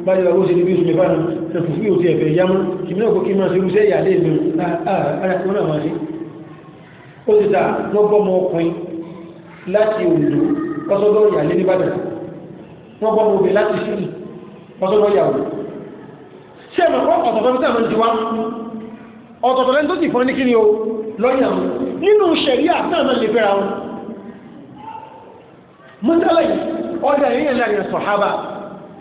báyọ̀ owó sí ibi ìsúnjẹ bá náà fùfú yóò ti ẹ̀fẹ̀ yá mọ́ kìmínà kò kí máa ṣe irúṣẹ́ ìyàlẹ́ ah, ah, ah, ìlú ó ti dà wọ́n gbọ́ ọmọ ọkùnrin láti Oǹdó kọ́sọ́dọ̀ ìyàlẹ́ nìbàdàn wọ́n gbọ́ ọmọ obìnrin láti sílì kọ́sọ́dọ̀ ìyàwó. ṣé ẹ̀mọ̀ kọ́ ọ̀tọ̀tọ̀ bí sẹ́wọ̀n ti wá ọ̀tọ̀tọ̀ lẹ́ni tó sì fún ní kíni o lọ́yà wọn nínú ṣẹ̀rí àtàwọn lè fẹ́ra wọn. mọ́tálẹ̀ ọjà ìyẹn láàrin sọ̀hábà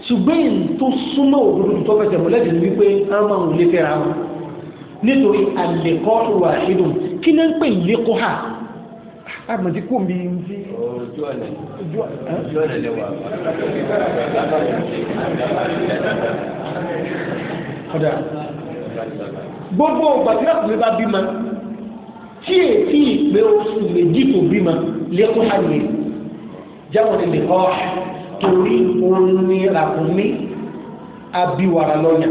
ṣùgbọ́n tó súnmọ́ òdodo tó fẹsẹ̀ mọ́lẹ́dì ni wípé àwọn máa ń lè fẹ́ra wọn nítorí àlẹ́kọ́ ìwà ìdùn kí ló ń pè lẹ́kọ̀ọ́ hà àmọ̀tí ah, kò mí ń fi. ojú ọ̀nà ojú ọ̀nà lè wà. kódà gbogbo gbàtí láti lè bá bímọ tí èyí ìpè oṣù méjì tó bímọ lẹ́kọ̀ọ́ hà nìyẹn jáwọ́ ni lẹ́kọ̀ọ́ torí òun ni ràkúnmí abiwara lọ́yà.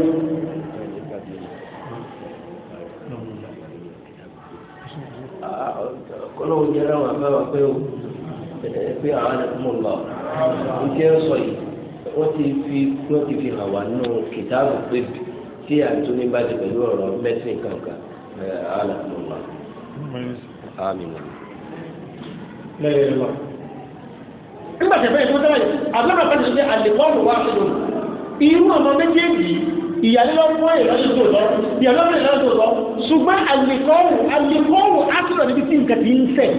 kọlọ́wọ́ jẹ́ láwọn afẹ́wà pé o pé àwọn àdàkùnmọ̀ lọ n jẹ́ sọ yìí wọ́n ti fi wọ́n ti fi hàn wá nínú kìtàbù pé tí àtúní bá ti pẹ̀lú ọ̀rọ̀ mẹ́sìn kankan àdàkùnmọ̀ lọ. àmín. lẹ́yìn lọ. nígbà tí a bẹ́ẹ̀ tó dára yìí àbúrò kan ti sọ pé àlè wọ́n lù wá sí irú ọmọ méjèèjì yìí ìyàlélọ́wọ́ ìlọ́sọ̀tò lọ ìyàlélọ́wọ́ ìlọ́sọ̀tò lọ ṣùgbọ́n àlìkọ́wù àlìkọ́wù àtúrọ̀ níbi tí nǹkan ti ń sẹ̀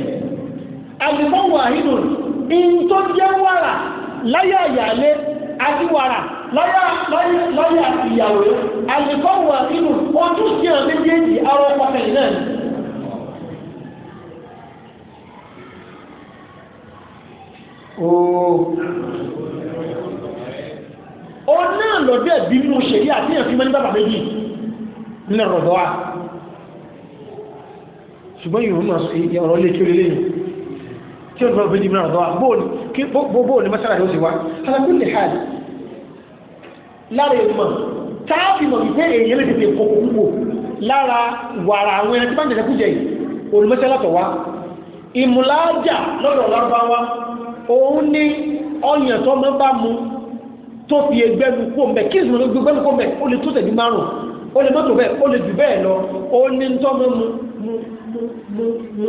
àlìkọ́wù àhídùn in tó jẹ́ wàrà láyé àyàlẹ́ àti wàrà láyé àti ìyàwó àlìkọ́wù àhídùn ojú sí àwọn méjèèjì arọ pàtàkì náà gbọ́dọ̀ dé ẹ̀bí nínú ṣèlú àtìyàn fi mọ́ ní bàbá méjì nílẹ̀ rọ̀dọ̀ wa ṣùgbọ́n yìí wọ́n máa ọ̀rọ̀ lé kiri lẹ́yìn tí ó dùn méjì nílẹ̀ rọ̀dọ̀ wa bóò ní mọ́sára ló ti wá alákùn lè hàlì lára ìmọ̀ táàfì mọ̀ wípé èèyàn lè tètè kọ̀ púpọ̀ lára wàrà àwọn ẹni tí bá ń tẹ̀sẹ̀ kújẹ yìí òun ní ọyàn tó mọ́ bá mu tó fi ẹgbẹ́nu kó mbẹ́ kí ìsìn ló gbé gbẹ́nu kó mbẹ́ ó lè tó tẹ̀lé márùn ó lè mọ́tò bẹ́ẹ̀ ó lè jù bẹ́ẹ̀ lọ ó ní tọ́mọ mu mu mu mu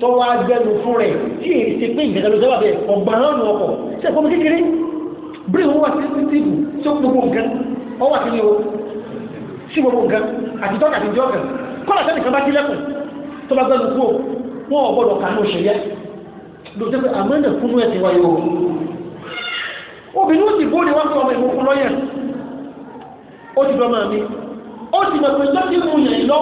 tọ́wọ́ agbẹ́nu fún rẹ̀ tí èyí ti pín ìgbẹ́ta ló sábà bẹ́ẹ̀ ọ̀gbọ̀n hàn ọkọ̀ ṣe ẹ̀kọ́ mi kékeré bírí wọn wà sẹ́sítìfù sí gbogbo nǹkan ọ wà sílẹ̀ o sí gbogbo nǹkan àti tọ́ka àti jọ́ọ̀kan kọ́lá sẹ́ni kan bá ti lẹ́kùn tó bá gbẹ́nu kú wọn ò gbọ́dọ̀ kà ní òṣèlú lọ́sẹ̀ pé àmọ́ obìnrin ó sì bóde wá fún ọmọ ìmúkún lọ́yẹ̀ ó ti dọ́mọ mi ó sì mọ̀ pé lọ́sí mu yẹn lọ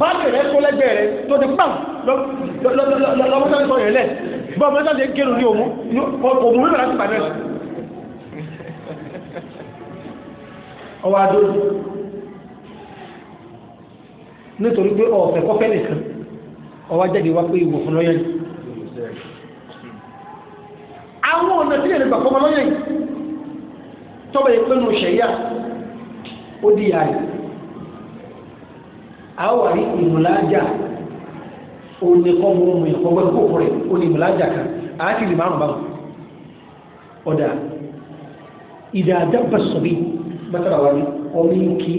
báàgì rẹ tó lẹ́gbẹ̀ẹ́ rẹ tó ti pàm lọ́mọdé sọ yẹn lẹ̀ bọ́ ọmọdé sọ yẹn kéròn ní òmù òmù rẹ̀ láti pàdé ọwọ́ adó nítorí pé ọ̀fẹ́ kọ́fẹ́ nìkan ọwọ́ ajáde wá pé ìwòfún lọ́yẹ̀ ni àwọn ọ̀nà tí ènìyàn gbàgbọ́ ọmọlọ́yẹ̀ yìí tọ́bẹ̀ yìí pẹ́nu ṣẹ̀yà ó di àyè àwọn àrí ìmúlájà òní kọ́ mú mu ẹ̀kọ́ gbẹ́ kó kọ́ rẹ̀ òní ìmúlájà kan àti ìlú márùn báwọn ọ̀dà ìdá àdábà sọ̀bí bàtàrà wà ní ọmọ ìkí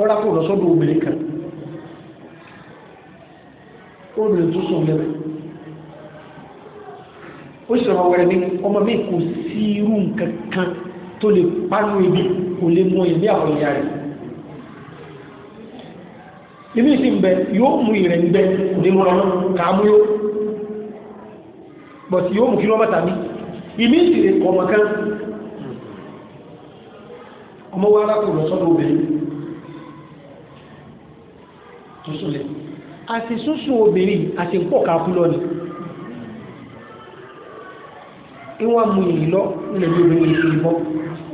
ọ̀rá kò lọ sọ́dọ̀ obìnrin kan ó rìn tó sọ̀ ó sì rọrọ wẹrẹ ní ọmọ mi kò sí irú nǹkan kan tó lè pánú ibi kò lè mọ ìlú àwọn ìyá rẹ̀ ilé ìsìn bẹ yóò mú ìrẹ̀ ń bẹ kò lè mú lọ kàá yóò mú kí wọ́n bá tàbí ìmí ìsìnkú ọmọ kan ọmọ wa arákùnrin lọ sọ́dọ̀ obìnrin tó súnlẹ̀ àti súnsún obìnrin àti pọ̀ káàkú lọ́nìí ìwọ̀n mu yìí lọ nílẹ̀ bí obìnrin yìí bọ́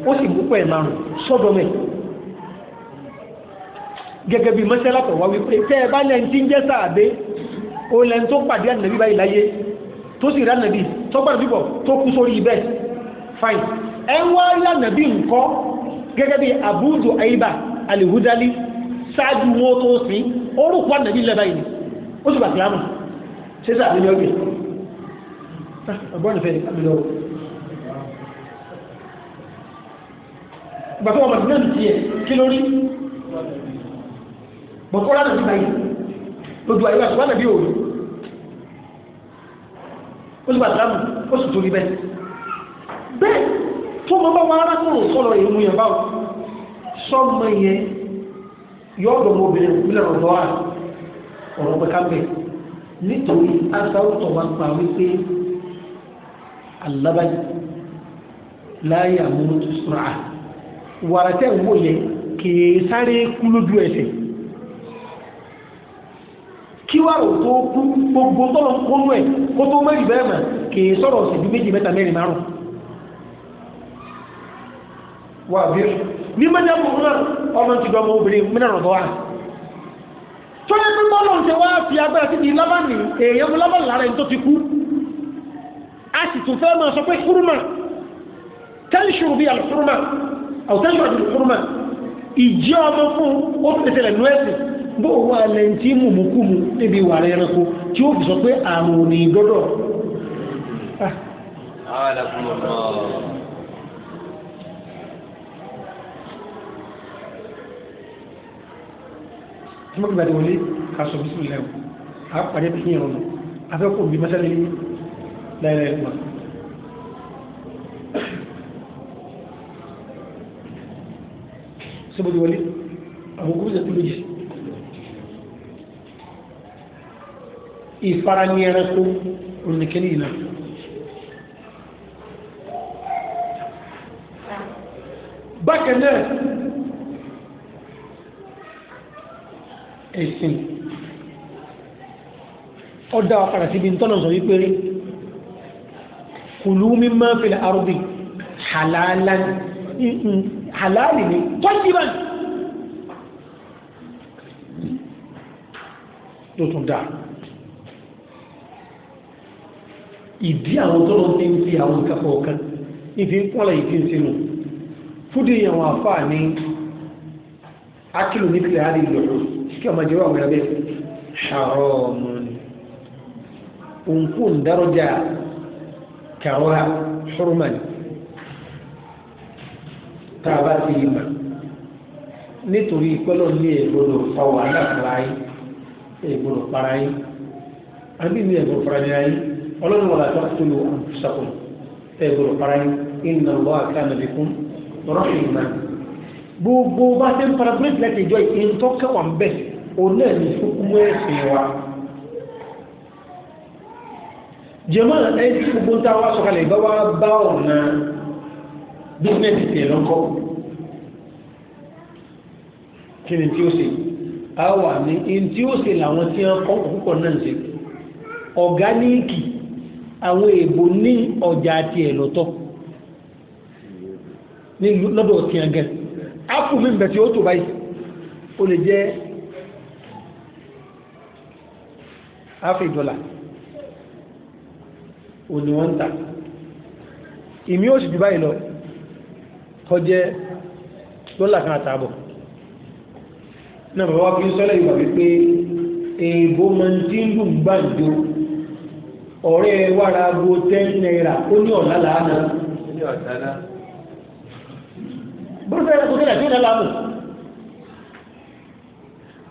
ó sì mú pẹ̀lú márùn sọ́dọ̀mẹ̀ gẹ́gẹ́ bí mọ́sálàtọ̀ wá wípé tẹ́ ẹ bá lẹ́yìn tí ń jẹ́ sáàbé ó lẹ́yìn tó pàdé ànàbí báyìí láyé tó sì rí ànàbí tó bíbọ̀ tó kú sórí ibẹ̀ fine ẹ ń wá rí ànàbí nǹkan gẹ́gẹ́ bí abudu aiba alihudali ṣáájú wọn tó sí orúkọ ànàbí lẹ́bàá yìí ó sì bàtí àmà ṣé sáàbé ni ó gbé ọgbọ́n ìfẹ́ àbílọ́wọ́ gbàtọ́ ọmọ ìdílé mi tiẹ̀ kí lórí bọ̀kọ́lá náà ti báyìí lójú àyíká ṣùgbọ́n àbí òòlù ó sì bàtà mù ó sì torí bẹ́ẹ̀ bẹ́ẹ̀ tó mọ bá wọn arákùnrin sọ̀rọ̀ èyí mú yẹn báwò sọ́mọ yẹn yọ̀ọ́ dọ̀mọ obìnrin ìpínlẹ̀ ọ̀dọ́ à ọ̀rọ̀ pẹ̀ká bẹ́ẹ̀ nítorí asáwùtọ̀ wa pa wípé alábàjì láyé àmúlò sọ̀rọ̀ àti wàrà tẹ́ ń wò yẹn kìí sáré kú lójú ẹsẹ̀ kí wàrà tó kú gbogbo tó ń kónú ẹ̀ kó tó mẹ́rin bẹ́ẹ̀ mà kìí sọ̀rọ̀ ọ̀sẹ̀ bí méjì mẹ́ta mẹ́rin márùn. wà á bí ní mẹ́jọ́mú náà ọmọ ti dọ́mọ obìnrin mìíràn rọ̀ wá. sọ́yẹ́ pé bọ́ọ̀lù ń ṣe wá fi agbára títí lábàánì èèyàn mú lábàánì lára ẹni tó ti kú a sì tún fẹ́ máa sọ pé kúrúmà tẹ́lifíṣùrù bíi àlùfúrúmà àwòtẹ́sọ̀ àti ìkúrúmà ìjẹ́ ọmọ fún ó fèsì rẹ̀ nú ẹ̀sìn bó wà lẹ́ntì mùmùkùmù níbi ìwà rẹ̀ ẹranko tí ó fi sọ pé àrùn ò ní dọ́dọ̀. tuma gbàdé wọlé k'a sọ bisimilayi a pàdé fi yẹn lọ a fẹ́ kó bi masalẹ̀ yìí láyé láyé سبدي ولي أبو كوزة تلوجي إفراني رسول ونكلينا بكنا إيسين أدعى قرسي بنت نصري بري كلوا مما في الأرض حلالا halali ni tọ́jìbọn ló tún dáa ìdí àwọn tó lọ sí ń fi àwọn nǹkan kọ̀ọ̀kan ìfi ń pọ́nlẹ̀ ìfi ń sinú fúdí àwọn àfáà ní akílù nípìnlẹ̀ àdé ìlọ́rọ̀ kí ọmọ ìjọba àwọn ẹgbẹ́ ṣàrọ̀ọ̀mù ni òǹkú ń dárọ́jà kàrọ́ra ṣọ́rọ́mà ni tá a bá ti mọ̀ nítorí pẹ́lú ní ègbodò fa wàhálà fúnra yín ègbodò para yín àbí ní ègbodò fúnra yín ayé ọlọ́run wà látọ́ tó lu àǹfùsàkùn ègbodò para yín ìnà wà ká nàbí fún rọ́ọ̀lì náà gbogbo bá ti ń para bíréèkì láti ìjọ ìntọ́kẹ́wà ń bẹ̀ òun náà ní fúnkúmọ́ ẹ̀sìn wa jẹmọ ẹni gbogbo ta wa sọ̀kalẹ̀ ìbá wa bá ọ̀nà bísínẹ́sì tẹ̀ lọ́kọ́ kí ni tí ó ṣe a wà ní in tí ó ṣe làwọn tí wọn kọ́ púpọ̀ náà ṣe ọ̀gáníìkì àwọn èèbò ní ọjà tiẹ̀ lọ́tọ̀ ní lọ́dọ̀ tiẹ̀ gẹ̀ ápù mi bẹ̀ tí ó tó báyìí ó lè jẹ́ áfì dọ́là òní wọ́n ta ìmí ó sì ju báyìí lọ kọjẹ́ dọ́là kan àtààbọ̀ náà bàbá fi sọ́lẹ̀ ìwà wípé èèbó máa ń tí ń dùn gbàǹjo ọ̀rẹ́ wàrà aago ten naira ó ní ọ̀la làánà. bọ́lá ẹ̀rọ kò tẹ́lẹ̀ tí ó dá láàmú.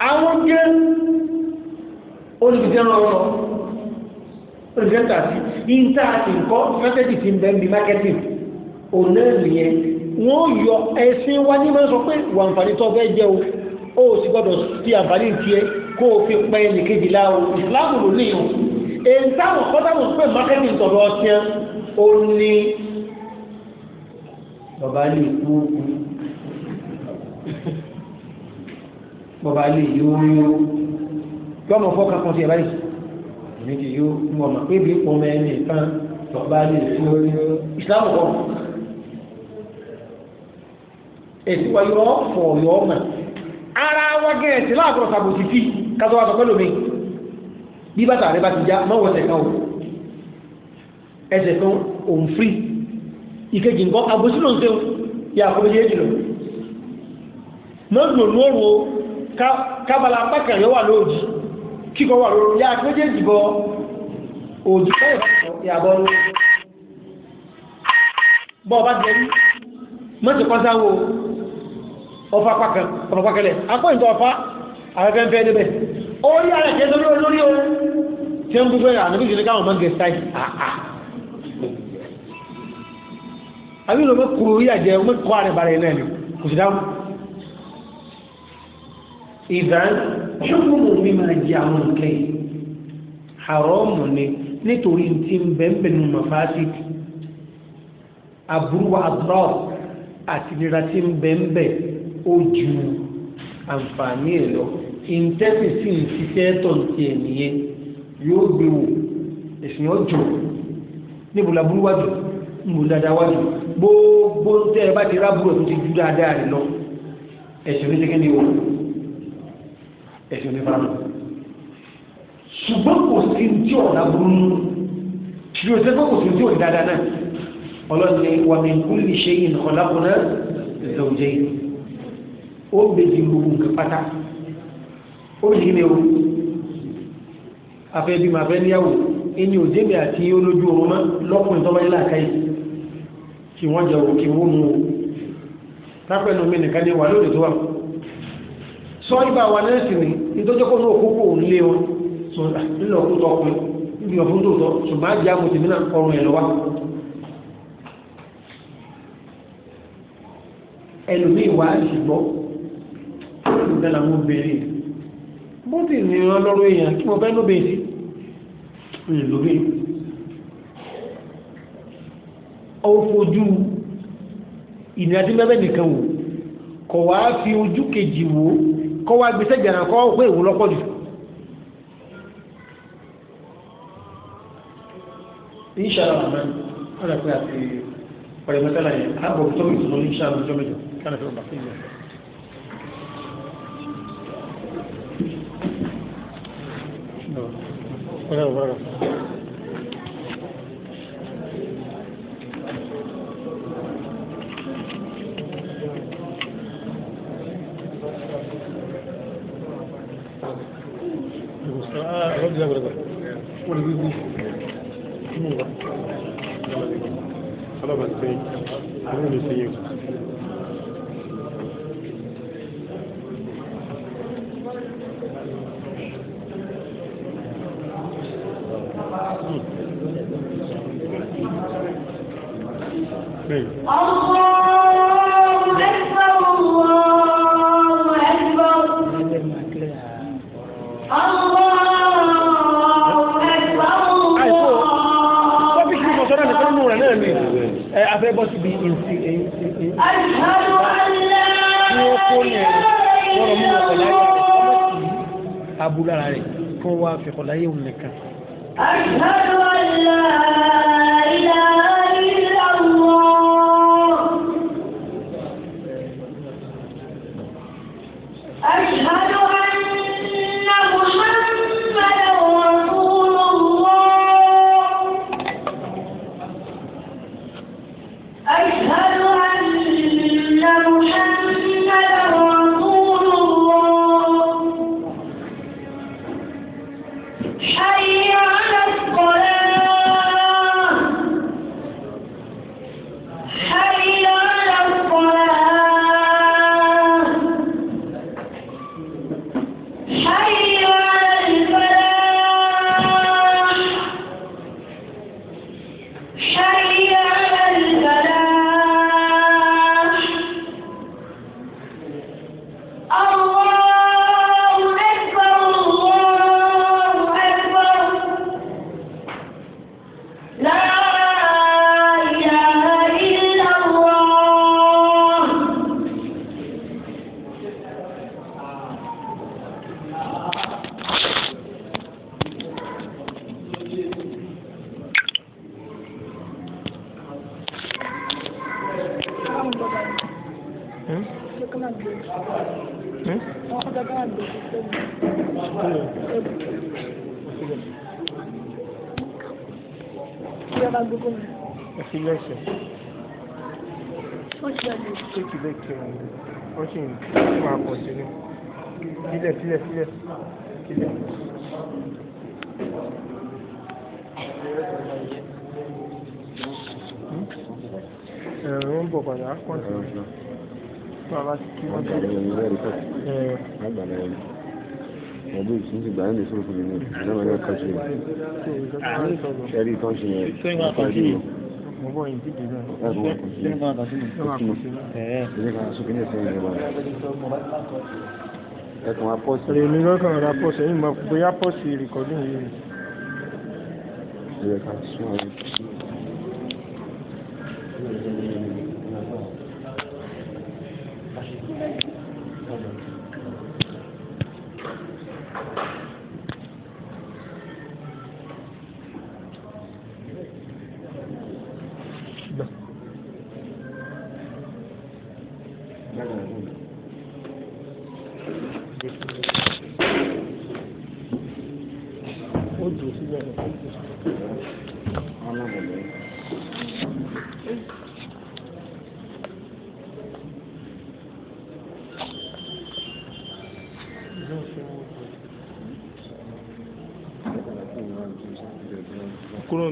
àwọn jẹ́ olùdíjẹ́ rọrọ olùdíjẹ́ tàbí níta nǹkan strategy ti ń bẹ́ẹ̀ bí marketing òun náà nìyẹn wọ́n yọ ẹ̀sìn wa ní máa sọ pé wàǹfààní tó fẹ́ jẹ́ o ó sì gbọ́dọ̀ fi àǹfààní tiẹ̀ kó o fi pẹ́ nìkejì láwo ìsìláàmù ló ní ìhùn èyí táwọn kọ́tàwọn pé mákẹ́tì tọ̀dọ̀ ọtí ẹ ó ní bàbá lè kú kú bàbá lè yóò yóò kí ọmọ fọ́ọ̀kan kan ti ẹ̀ báyìí méjì yóò mú ọmọ pé bí pọ́nmọ́ ẹni kan bàbá lè yóò yóò ìsìláàmù kọ́ èsì wa ọ̀fọ̀ yọ ọ̀mà ara wa gẹ̀ẹ́ sí láàbùrọ̀ sàbòsí sí kátó wa sọ pẹ́ lómi bí bàtà rẹ bá ti já mọ́wọ́ ẹsẹ̀ kan o ẹsẹ̀ kan òun firi ìkejì nǹkan àbòsí ló ń ṣe o yà kó yé jùlọ mọ́tò lóru kábàlà apákan yóò wà lóòjì kíkọ wà lóru yà kó yé jùbọ òjì káyọ̀ yàbọ̀ lóru bọ́ọ̀ bá jẹ́ mọ́tò kọ́sáwó ọfà pàkàn ọ̀nà pàkẹlẹ̀ apá ìtọ́ ọfà àrẹ́fẹ́ ń fẹ́ níbẹ̀ orí ara ìjẹ́ lórí olórí o tí ń gbogbo ẹ̀rọ ànábì ìjìnlẹ̀ káwọn máa ń gẹ̀ sáì àhà àbí ìlú mẹ́kùrú orí àjẹ́ mẹ́kọ́ àrẹ bàrẹ̀ náà ni kò sì dáhùn ìdá ṣùgbọ́n mi máa jẹ àwọn nǹkan yìí haramu ni nítorí tí ń bẹ́ẹ̀ bẹ́ẹ̀ nù mafásitì aburú wa àdúrà àti ìnira tí ń bẹ́ẹ̀ bẹ́ẹ̀ ó ju àǹfààní ẹ̀ lọ ìǹtẹ́sì sì ń ṣiṣẹ́ tọ̀ ti ẹ̀ nìyẹn yóò gbé wò ẹ̀sìn ọjọ́ níbo la burú wájú níbo dáadáa wájú gbogbo tẹ́ ẹ bá ti rábùrù ẹ̀ tó ti ju dáadáa rẹ̀ lọ ẹ̀sìn ní sẹ́kẹ́ndì wò ẹ̀sìn ní fara mọ́ ṣùgbọ́n kò sí tí ọ̀nà burú yóò sẹ́kọ̀ kò sí tí ọ̀nà dáadáa náà ọlọ́ni wàmí kúlì ṣe ìnìkọ̀lákùnrin ẹ̀ ó bèjì gbogbo nǹkan pátá ó bèjì ní o afẹ́ bímọ afẹ́ níyàwó ẹni ò jẹ́bi àti olójú oorun mọ́ lọ́kùnrin tó bá yẹ láàka yìí kí wọ́n jẹ òkè wọ́n mú o tápẹ́ mi nìkan ní wà lóde tó wà sọ ibà wà nẹ́ẹ̀sì ni ìtọ́jọ́kọ́ náà kókó òun lé wọn sọ nílò ọkùnrin tó ọkùnrin níbi ọ̀fun tó tọ́ ṣùgbọ́n á jẹ́ àmọ̀tẹ̀mí náà ọrùn ẹ̀ lọ́wọ́. ẹlòmíì wá ṣùgbọ́n dá làwọn obìnrin bó ti ní wọn lọ́rọ̀ èèyàn kí mo fẹ́ lóbìnrin sí lóbìnrin ó fojú ìnira tí bẹ́ẹ̀ nìkan wò kọ̀ wá fi ojú kejì wò kọ́ wá gbèsè jàrà kọ́ pé èwo lọ́pọ̀ jù. inṣàlá màmá ọ̀rẹ́ pé àti ọ̀rẹ́ mẹ́tàlá yẹn àbọ̀ tó mi tó ní inṣàlá ọjọ́ mẹ́jọ kí wọ́n fi ọ̀gbà fún ìyẹn. ಹೇಳಿ ಬರೋಣ ẹ afẹ́ bọ́ síbi ìsìn ẹ̀yìn sí ẹ̀yìn. kí wọ́n kó ní ẹ̀rọ wọ́n lọ mú ọkọ̀ láyé ọmọ abúlára rẹ̀ kí wá fẹ̀kọ̀ láyé òun nìkan. àìsàn àìsàn ó sì ń máa pọ̀ sí ni sílẹ̀ sílẹ̀ sílẹ̀ sílẹ̀. Hmm? ẹ̀rọ ń bọ̀ padà pọ̀jù fún àbá tí kí wọ́n tẹ̀lé. Ẹ̀bí ìsúnjú ìgbà yẹn lè sọ̀rọ̀ fún mi é ìdámẹ́lẹ́ kan ṣe. Ẹ̀rí kan ṣe é 뭐 인지도 생각 나시는 ẹkùn apọ́sí. èmi lọ́kàn rẹ̀ apọ́sí èyí mọ̀ bóyá apọ́sí rìkọ́dún yìí. ẹ̀ka sún àwọn ìpínlẹ̀.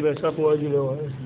वैसा पोहा गिलो है